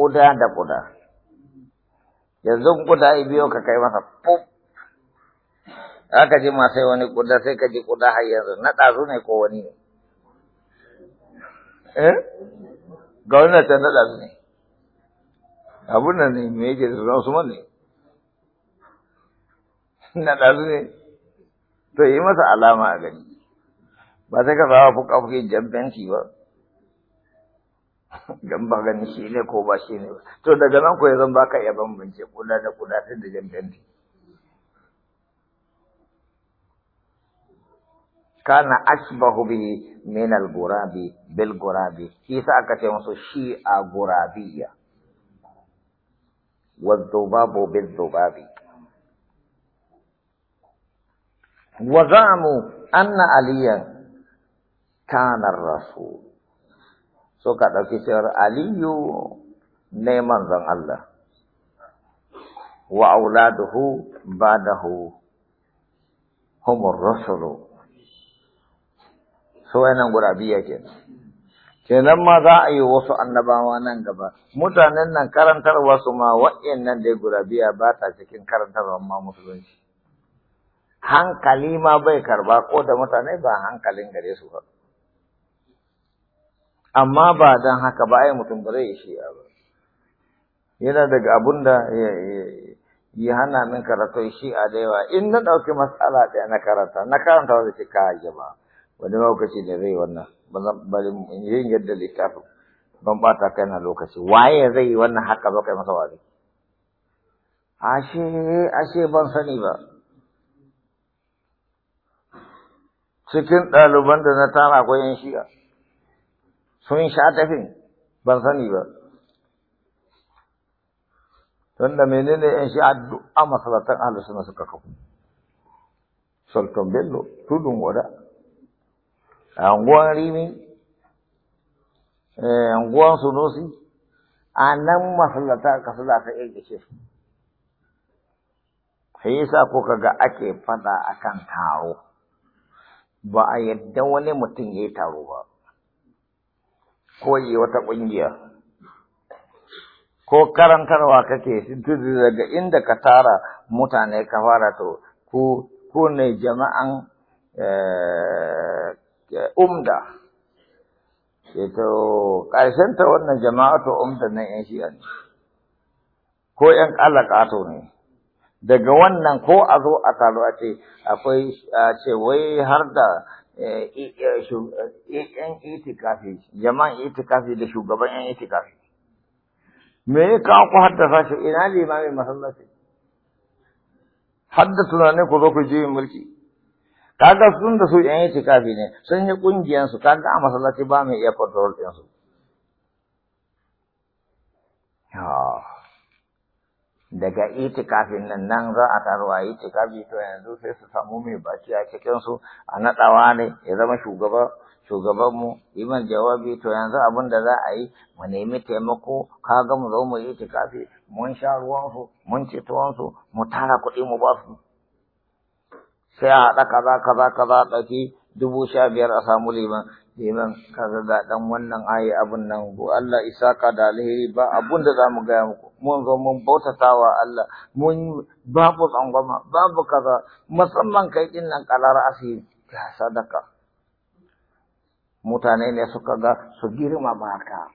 ƙuda da ƙuda yanzu ƙuda biyo ka kai masa pop za ka ji masai wani kuda sai ka ji kuda har yanzu na ɗazu ne ko wani ne eh ga wannan can na ɗazu ne abun nan ne me yake da Usman ne na ɗazu ne to yi masa alama a gani ba sai ka zawa fuka fuki jamfenti ba don ba gani shi ne ko ba shi ne ba to daga nan ko ya zan ka iya bambance kuda da kuda da jamfenti كان أشبه به من الغراب بالغراب كيسا أكتمس شيء غرابية والذباب بالذباب وزعموا أن عليا كان الرسول سوكا تكسر علي نيمان ذن الله وأولاده بعده هم الرسل su wayanan gurabiya Ke kenan ma za a yi wasu annabawa nan gaba mutanen nan karantarwa su ma nan dai gurabiya ba ta cikin karantarwa ma musulunci hankali ma bai karba ko da mutane ba hankalin gare su ba amma ba don haka ba ai mutum ba zai yi shi'a ba yana daga abun da yi hana min karatun shi'a da yawa in na ɗauki matsala ɗaya na karanta na karanta da ce ka ba wani lokaci da zai wannan bari yin yadda littafin ban bata kai na lokaci waye zai yi wannan haka ba kai masa wazi ashe ashe ban sani ba cikin ɗaliban da na tara akwai yan shi'a sun sha tafin ban sani ba tunda menene yan shi'a duk a masalatan ahlus na suka kafu sultan bello tudun wada anguwan rimi anguwan eh, sunusi a nan masallata ka za ta ƙirƙice su sai yasa ko kaga ake faɗa akan taro ba a yadda wani mutum ya yi taro ba ko yi wata ƙungiya ko karantarwa kake tudu daga inda ka tara mutane ka fara to ku ku ne jama'an eh, umda to karshen ta wannan jama'atu umda na yan shi'a ne ko yan ƙato ne daga wannan ko a zo a taro a ce akwai a ce wai har da e, e, e, yan itikafi jama'an itikafi da shugaban yan itikafi me ya kawo ku haddasa shi ina limamin masallaci na ne ku zo ku je mulki kaga sun da su yan itikafi ne sun yi kungiyan su kaga a masallaci ba mai iya control din su daga itikafin nan nan za a tarwa itikafi to yanzu sai su samu mai baki a cikin su a naɗawa ne ya zama shugaba shugaban mu iman jawabi to yanzu abin da za a yi mu nemi taimako kaga mu zo mu yi itikafi mun sha ruwan su mun ci tuwon su mu tara kuɗi mu ba su sai a haɗa kaza kaza kaza a ɗauki dubu sha biyar a samu liman liman kaga ga ɗan wannan ayi abun nan ko Allah isa ka da alheri ba abun da zamu gaya muku mun zo mun bautatawa Allah mun babu tsangwama babu kaza musamman kai din nan kalar asiri ga sadaka mutane ne suka ga su girma ka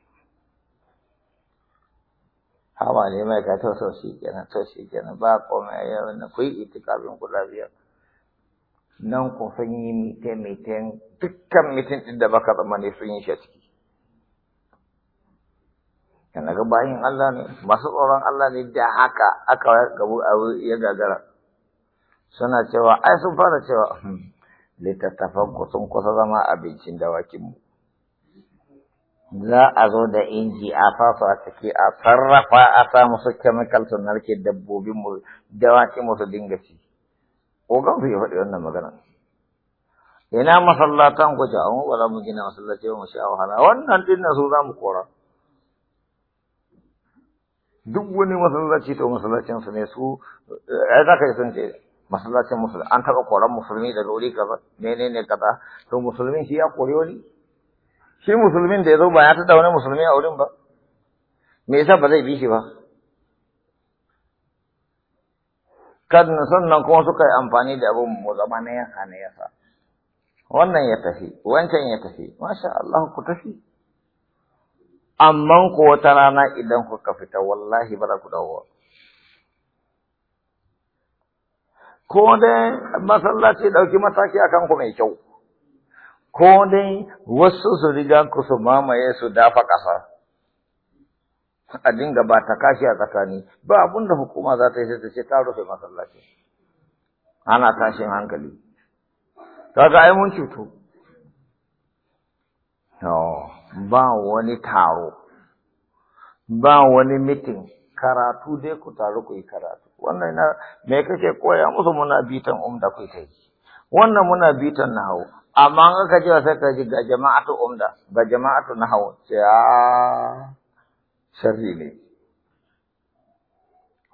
hawa ne mai ka to so shi kenan to shi kenan ba komai yau na kuyi itikafin kula biyar nan ko sun yi mitin-mitin dukkan mitin ɗin da baka zama sun yi shi a ciki. Yana ga bayin Allah ne, masu tsoron Allah ne da haka aka gabu a ya gagara. Suna cewa, ai sun fara cewa, hmm, littattafan ku sun kusa zama abincin dawakinmu. Za a zo da inji a fasa a ciki a sarrafa a samu su kemikal su narke dabbobinmu dawakinmu su dinga ciki. ko kan ya faɗi wannan magana ina masallatan ku ce amma ba za mu gina masallaci ba mu sha wahala wannan din su za mu kora duk wani masallaci to masallacin su ne su ai za ka yi sun ce masallacin musulmi an taɓa koran musulmi daga wuri ne menene kaza to musulmin shi ya kori wani shi musulmin da ya zo ba ya taɗa wani musulmi a wurin ba me yasa ba zai bi shi ba kan sannan kuma suka yi amfani da abin mu zama na yasa na yasa wannan ya tafi wancan ya tafi masha Allah ku tafi amma ko wata rana idan kuka fita wallahi ba za ku dawo ko dai masallaci dauki mataki akan ku mai kyau ko dai wasu su riga ku su mamaye su dafa ƙasa a dinga ba ta kashi a tsakani ba abinda hukuma za ta yi sai ta ce ta rufe masallaci ana tashin hankali kaga ai mun cutu ba wani taro ba wani mitin karatu dai ku taru ku yi karatu wannan na me kake koya musu muna bitan umda ku ta yi wannan muna bitan na hau, amma in aka ce sai ka ji ga jama'atu umda ga jama'atu na hau, a sharri ne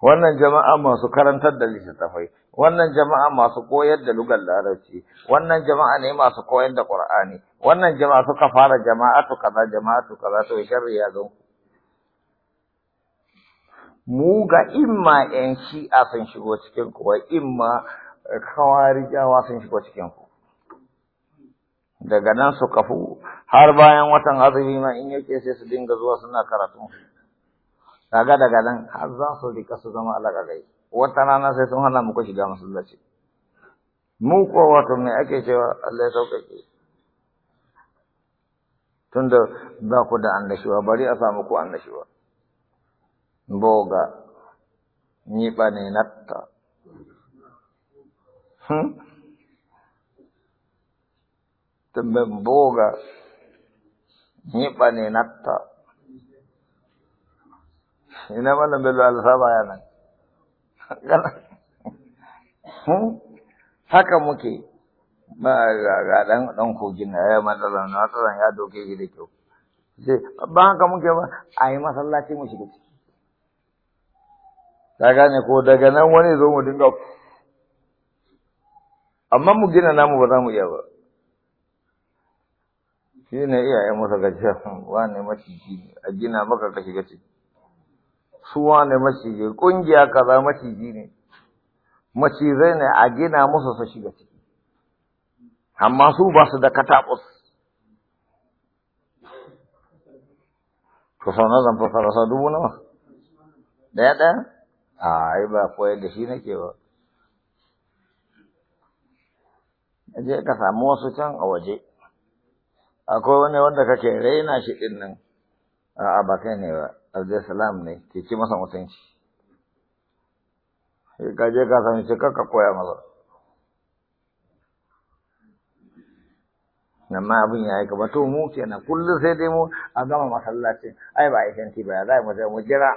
wannan jama'a masu karantar da littattafai wannan jama'a masu koyar da lugar larabci wannan jama'a ne masu koyar da qur'ani wannan jama'a suka fara jama'atu kaza jama'atu kaza to sharri ya zo mu ga imma yan shi'a sun shigo cikin ku wa imma kawarijawa sun shigo cikin ku daga nan su kafu har bayan watan azumi ma in yake sai su dinga zuwa suna karatu. kaga daga nan har za su rika su zama alaƙaƙai wata rana sai sun hana muku shiga masallaci mu ko wato me ake cewa Allah ya sauƙaƙe tunda ba ku da annashuwa bari a samu ku annashuwa boga ni ba ne natta hmm? tambayin boga ni ba ne natta ina wannan bello saba ya nan hmm? haka muke ba ga dan dan kogin na ya matsalan na matsalan ya doke shi da kyau sai ba haka muke ba a yi masallaci mu shiga ciki ta gane ko daga nan wani zo mu dinga amma mu gina namu ba za mu iya ba shi ne iyayen masa gajiya wani maciji a gina maka ka shiga ciki suwa ne maciji kungiya kaza maciji ne macizai ne a gina musu su shiga ciki amma su ba su da katabus kusa na zan fasara sa dubu nawa ɗaya ɗaya a yi ba koyar da shi nake ba je ka samu wasu can a waje akwai wani wanda kake raina shi ɗin nan a bakai ne ba Abdulsalam ne ke ci masa mutunci. Sai ka je ka sami shi ka koya masa. Amma abin ya yi kaba to mu kenan kullum sai dai mu a gama masallacin ai ba a yi fenti ba za mu mu jira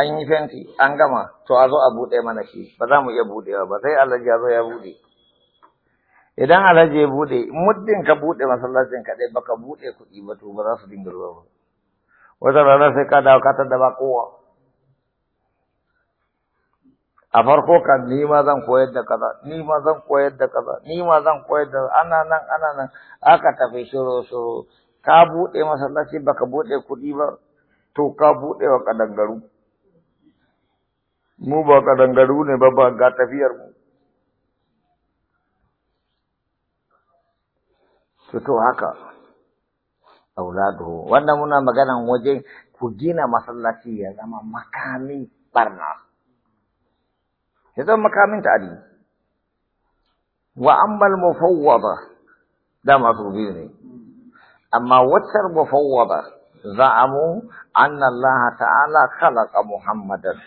an yi fenti an gama to a zo a buɗe mana shi ba za mu iya buɗewa ba sai Allah ya zo ya buɗe. Idan Alhaji ya buɗe muddin ka buɗe masallacin kaɗai baka buɗe kuɗi ba to ba za su dinga ruwa ba. wata rana sai ka dawo ka ba kowa a farko kan ni ma zan koyar da kaza ni ma zan koyar da kaza ni ma zan koyar da ana nan ana nan aka tafi shiro shiro ka buɗe masallaci baka buɗe kuɗi ba to ka buɗe wa kadangaru mu ba kadangaru ne ba ba ga tafiyar mu to to haka auladuhu wannan muna maganan waje ku gina masallaci ya zama makamin barna ya zama makamin ta'adi wa ammal mufawwada da masu biyu ne amma waccar mufawwada za'amu anna Allah ta'ala khalaqa Muhammadan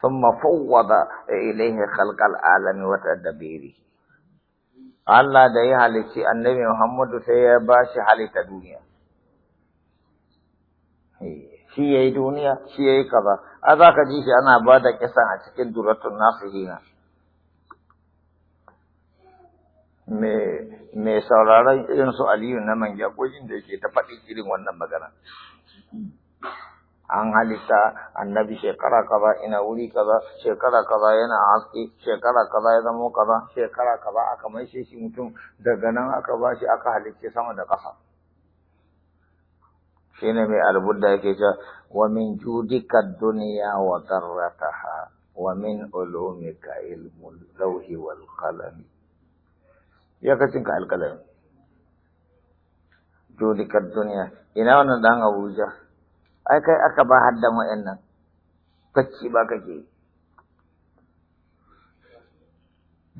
ثم فوض إليه خلق العالم وتدبيره Allah da ya halicci annabi Muhammadu sai ya ba shi halitta duniya. Eh, shi ya yi duniya, shi ya yi kaza, a za ka ji shi ana ba da kisan a cikin duratun nasu hina. Mai sauraron irin su Aliyu na ko kojin da yake ta faɗi irin wannan magana. an halitta annabi shekara kaza ina wuri kaza shekara kaza yana aski shekara kaza ya zama kaza shekara kaza aka maishe shi mutum daga nan aka ba shi aka halicce sama da ƙasa shine mai albudda yake cewa wa min judika duniya wa darrataha wa min ulumika ilmul lauhi wal qalam ya ka cinka alƙalami judika duniya. ina wannan dan Abuja ai kai aka ba haddan wa'annan kacci ba kake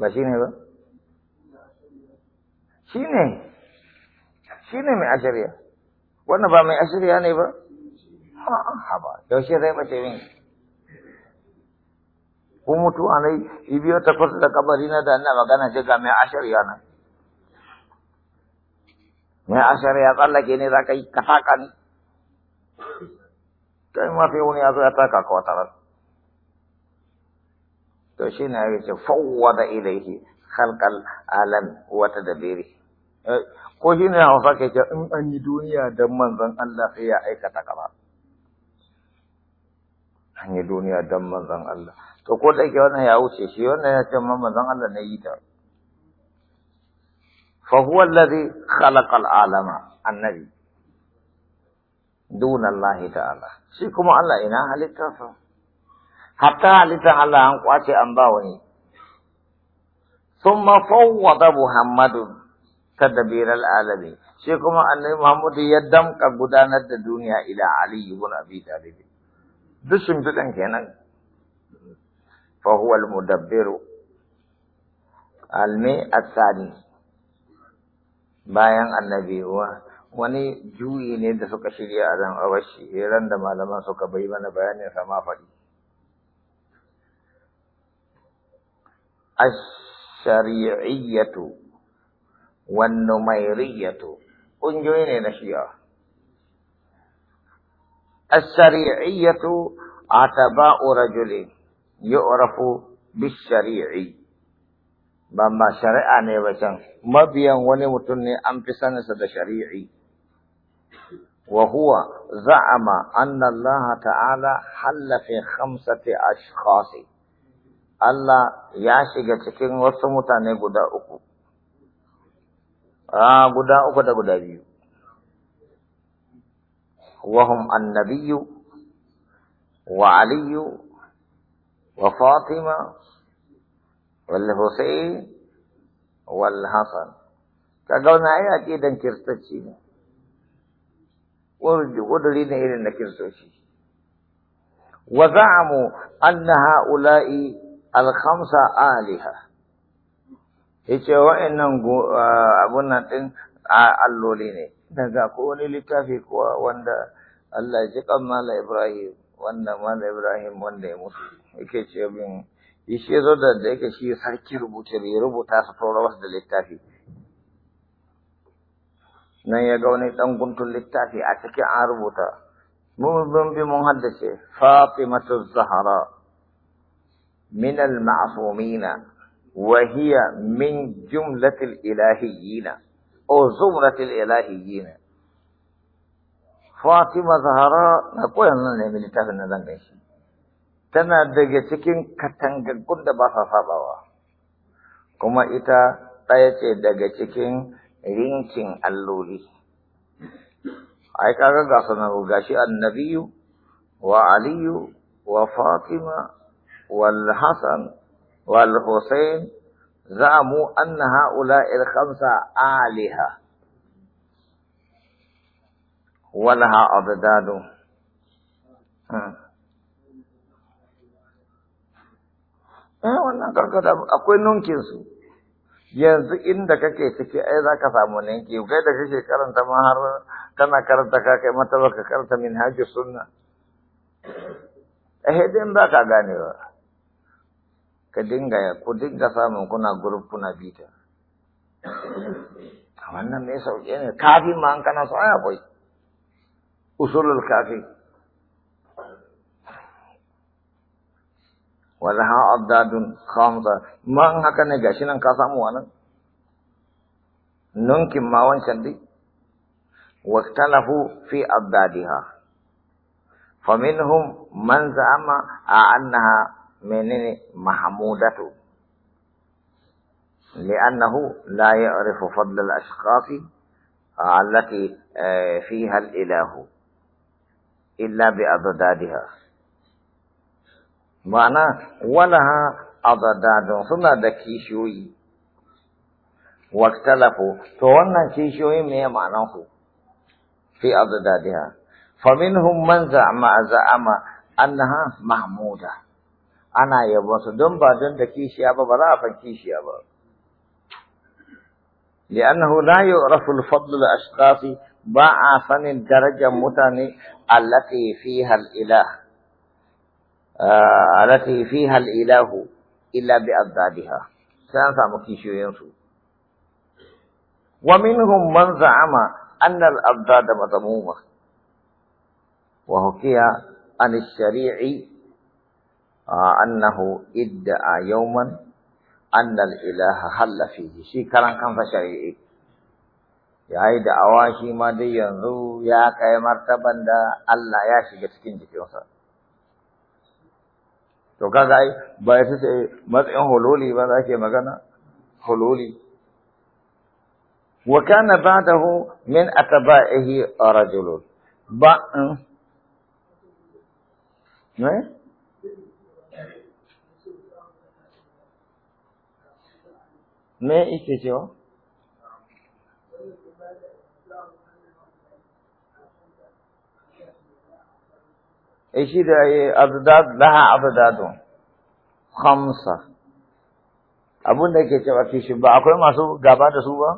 ba shi ne ba shi ne shi ne mai ashirya wannan ba mai ashirya ne ba haba yaushe zai mace min ko mutu a nai ibiyo takwas da kabari na da ana magana ce ga mai ashirya nan mai ashirya tsallake ne za ka yi ka saƙa كان تم وفيوني أذاتك قتلا تشين عيسى فوض إليه خلق العالم وتدبيره كوشين يا أفاكي إن أني دنيا دمان ذن الله فيها أي كتاكما أني دنيا دمان ذن الله تقول لك أنا يا أوشي شيون يا دمان ذن الله نيجا فهو الذي خلق العالم النبي دون الله تعالى Allah ina halittarsa hatta halittar Allah an kwace an ba wani thumma fawwada muhammadun tadbir al-alami shi kuma annabi Muhammad ya damka gudanar da duniya ila Ali ibn Abi Talib duk kenan fa huwa al-mudabbir al bayan annabi wa wani juyi ne da suka shirya a nan awashi heran da malaman suka bai mana bayanin sama faɗi ashari'iyyatu wan numairiyyatu ƙungiyoyi ne na shi'a ashari'iyyatu atba'u rajulin yu'rafu bishari'i ba ma shari'a ne ba can mabiyan wani mutum ne an fi saninsa da shari'i وهو زعم أن الله تعالى حل في خمسة أشخاص الله ياشق تكين وسمتاني قدا أكو آه قدا أكو دا قدا وهم النبي وعلي وفاطمة والحسين والحسن كقولنا أي أكيدا كرتشي ƙuduri ne irin na kiristoci. Wa za'amu anna ha'ula'i alhamsa aliha. Yace wa'annan abun nan ɗin alloli ne. Daga ko wani littafi kuwa wanda Allah ji kan Mala Ibrahim, wanda Mala Ibrahim wanda ya mutu, yake ce bin, shi zo da yake shi sarki rubuta bai rubuta su fara wasu da littafi. nan ya ga wani ɗan guntun littafi a cikin an rubuta mun bi mun haddace fatimatu zahara min al-ma'sumina wa hiya min jumlatil ilahiyina aw zumratil ilahiyina fatima zahara na koyan nan ne littafin nan zan gaishe tana daga cikin katangaggun da ba sa sabawa kuma ita ɗaya ce daga cikin rinkin alloli ai kaga ga sanar gashi annabiyu wa aliyu wa fatima wal hasan wal husain zamu anna ha'ula al-khamsa aliha walaha abdadu hmm. eh wannan karkata akwai nunkinsu yanzu inda kake ciki ai za ka samu ninki kai da kake karanta ma kana karanta ka kai mata baka karanta min haji sunna eh din ba ka ganewa ka dinga ku dinga samun kuna group kuna bita wannan me sauke ne kafi ma an kana so ai akwai usulul kafi ولها أضداد خامضة ما هكا نجاشين gashi nan ka samu wannan واختلفوا في أضدادها فمنهم من زعم أنها من محمودة لأنه لا يعرف فضل الأشخاص التي آه، فيها الإله إلا بأضدادها معنا ولها أضداد سنة دكيشوي واختلفوا فوانا كيشوي مي معنى في أضدادها فمنهم من زعم زعم أنها محمودة أنا يا بوس دم بعدين تكيشي أبا برا فكيشي أبا لأنه لا يعرف الفضل الأشخاص فن الدرجة متني التي فيها الإله آه، التي فيها الإله إلا بأضدادها سنسى ينسو ومنهم من زعم أن الأضداد مضمومة وحكي عن الشريع آه، أنه ادعى يوما أن الإله حل فيه شي كلام كان فشريعي يا عيد أواشي ما دي dai يا ya مرتبا دا الله يا ya shiga cikin jikinsa. to kaga ai ba ya ce matsayin hololi ba za ke magana hololi wa kana ba'dahu min atba'ihi rajulun ba ne eh? eh? me yake cewa ايش ده اضداد لها اضداد خمسه abun da ke cewa kishin ba akwai masu gaba da su ba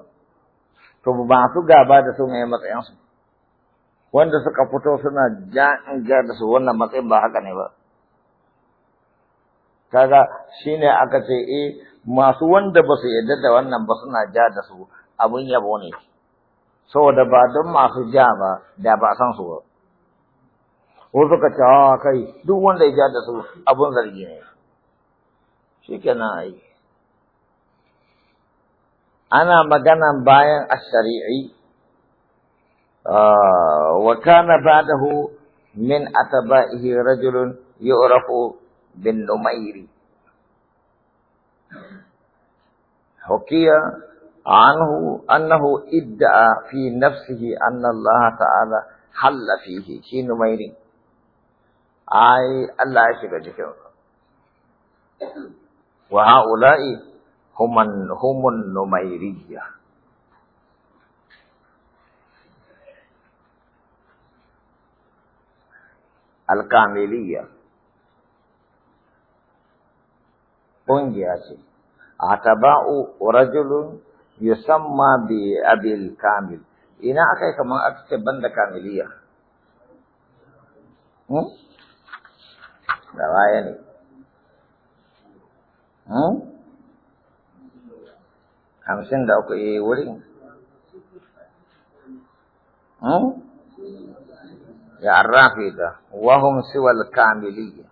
to masu gaba da su mai matsayin su wanda fito suna ja'in ga da su wannan matsayin ba haka ne ba kaga shine aka ce eh masu wanda ba su yarda da wannan ba suna ja da su abun yabo ne saboda ba don masu ja ba da ba san su ba وفق تاكي دو وان لا سو أبون زرجين شكنا أي أنا مجانا بايع الشريعي آه، وكان بعده من أتباعه رجل يعرف بالنميري حكي عنه أنه ادعى في نفسه أن الله تعالى حل فيه في نميري ai Allah ya shiga cikin wa haula'i human humun numairiyya alkamiliya ƙungiya ce a taba'u rajulun yusamma bi abil kamil ina akai kamar aka ce banda kamiliya? Hmm? da baya ne hamsin da uku yi wurin ya arrafi da wahum siwal kamiliyya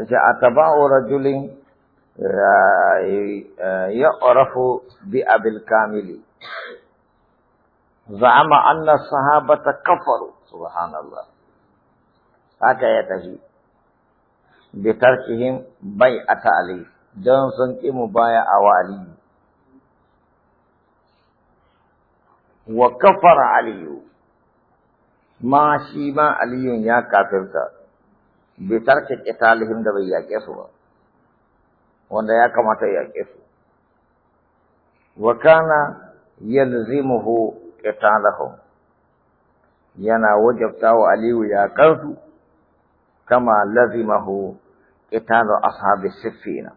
أتباع رجل يعرف بأبي الكامل زعم أن sahabata كفروا سبحان الله haka ya tafi bi tarkihim bai'ata ali don sun ki mu a wa ali wa kafara ali ma shi ma ali ya kafirta bi tarki qitalihim da bai yake su ba wanda ya kamata ya yake wa kana yalzimuhu القطع لهم ينا وجبتاو عليو يا قرسو كما لذمه قتال أصحاب السفين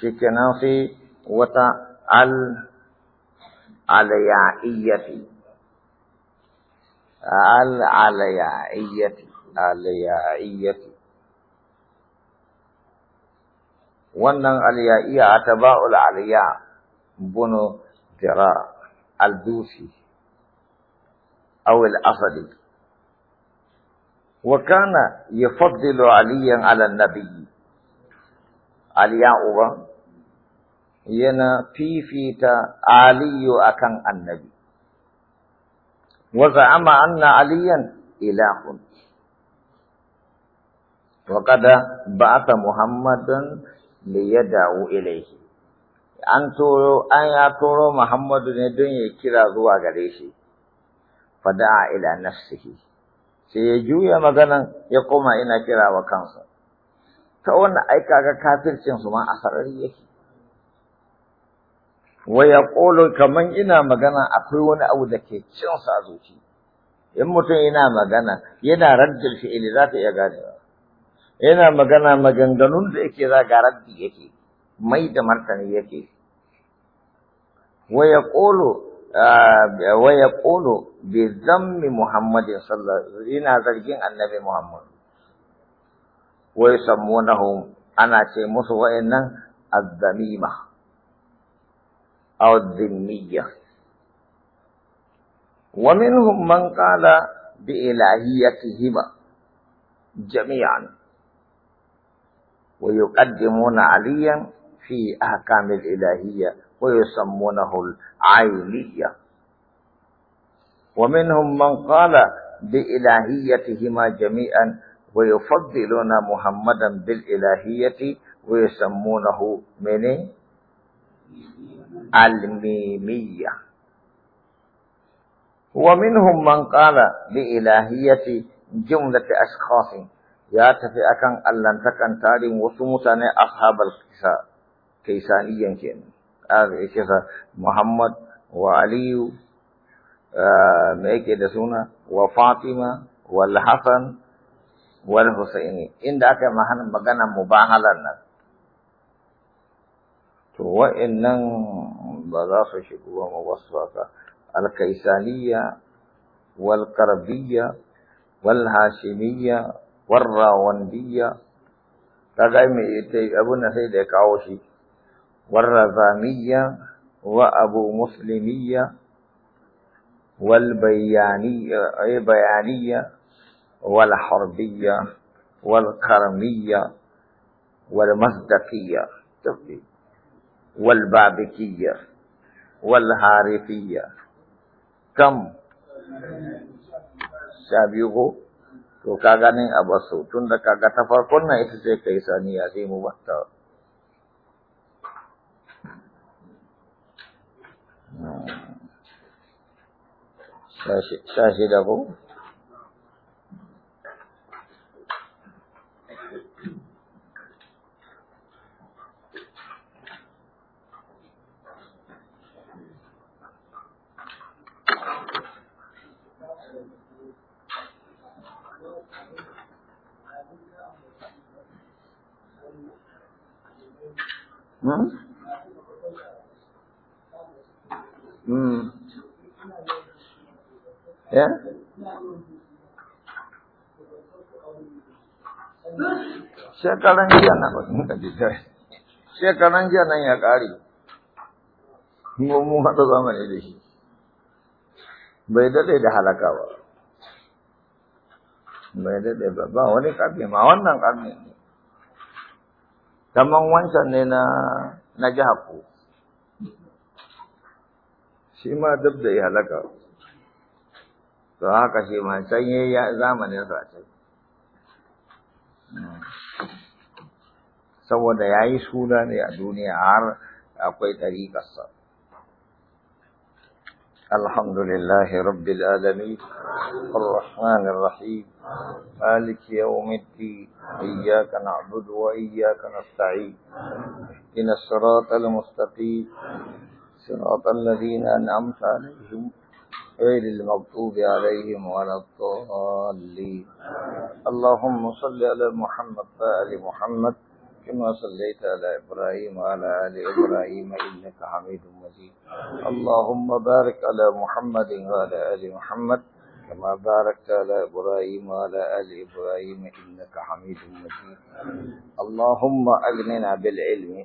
شكناسي وطا ال عليائيتي ال عليائيتي عليائيتي wannan aliyya iya ta ba'ul aliyya بنو ذراع الدوسي أو الأصلي وكان يفضل عليا على النبي علي أبا ينا في فيتا علي أكن النبي وزعم أن عليا إله وقد بعث محمدا ليدعو إليه an turo an ya turo Muhammadu ne don ya kira zuwa gare shi fada'a ila nafsihi sai ya juya maganan ya koma ina kira wa kansa ta wannan ai kaga kafircin su ma a sarari yake wa yaqulu kaman ina magana akwai wani abu da ke cin sa zuci in mutum yana magana yana shi fi'ili za ta iya ganewa yana magana maganganun da yake za ga yake ميت مرتن يكي ويقول آه، ويقول بذم محمد صلى الله عليه وسلم إن هذا الجن النبي محمد ويسمونه أنا شيء مسوى إن الذميمة أو الذمية ومنهم من قال بإلهيتهما جميعا ويقدمون عليا في أحكام الإلهية ويسمونه العينية ومنهم من قال بإلهيتهما جميعا ويفضلون محمدا بالإلهية ويسمونه من الميمية ومنهم من قال بإلهية جملة أشخاص يا تفي أن لن تكن تاريم وسمتني أصحاب الكساء كيسانيا كين هذا آه، كذا محمد وعلي آه، ميك دسونا وفاطمة والحسن والحسين إن ذاك ما هن بعنا مباهلنا تو إن بغاف شكوى موصفك الكيسانية والقربية والهاشمية والراوندية تقايمي إتي أبو نسيد كاوشي والرزامية وأبو مسلمية والبيانية والحربية والكرمية والمصدقية والبابكية والهارفية كم شابيغو تو کاغا ganin a basu tun da kaga ta farkon nan ita ce kai saniya sai sha shida ko Hmm? shekaran jiya na ba sun kaji ta shekaran jiya nan ya ƙare mu mu haɗa zamani da shi bai daɗe da halaka ba bai daɗe ba ba wani ƙarfi ma wannan ƙarfi ne kamar wancan ne na na jihar ku shi ma duk da ya halaka to haka shi ma can ya zamanin sa can hmm. saboda ya yi suna ne a duniya har akwai ɗariƙarsa. الحمد لله رب العالمين الرحمن الرحيم مالك يوم الدين إياك نعبد وإياك نستعين إن الصراط المستقيم صراط الذين أنعمت عليهم غير المغضوب عليهم ولا الضالين اللهم صل على محمد وآل محمد كما صليت على إبراهيم وعلى آل إبراهيم إنك حميد مجيد اللهم بارك على محمد وعلى آل محمد كما باركت على إبراهيم وعلى آل إبراهيم إنك حميد مجيد اللهم أغننا بالعلم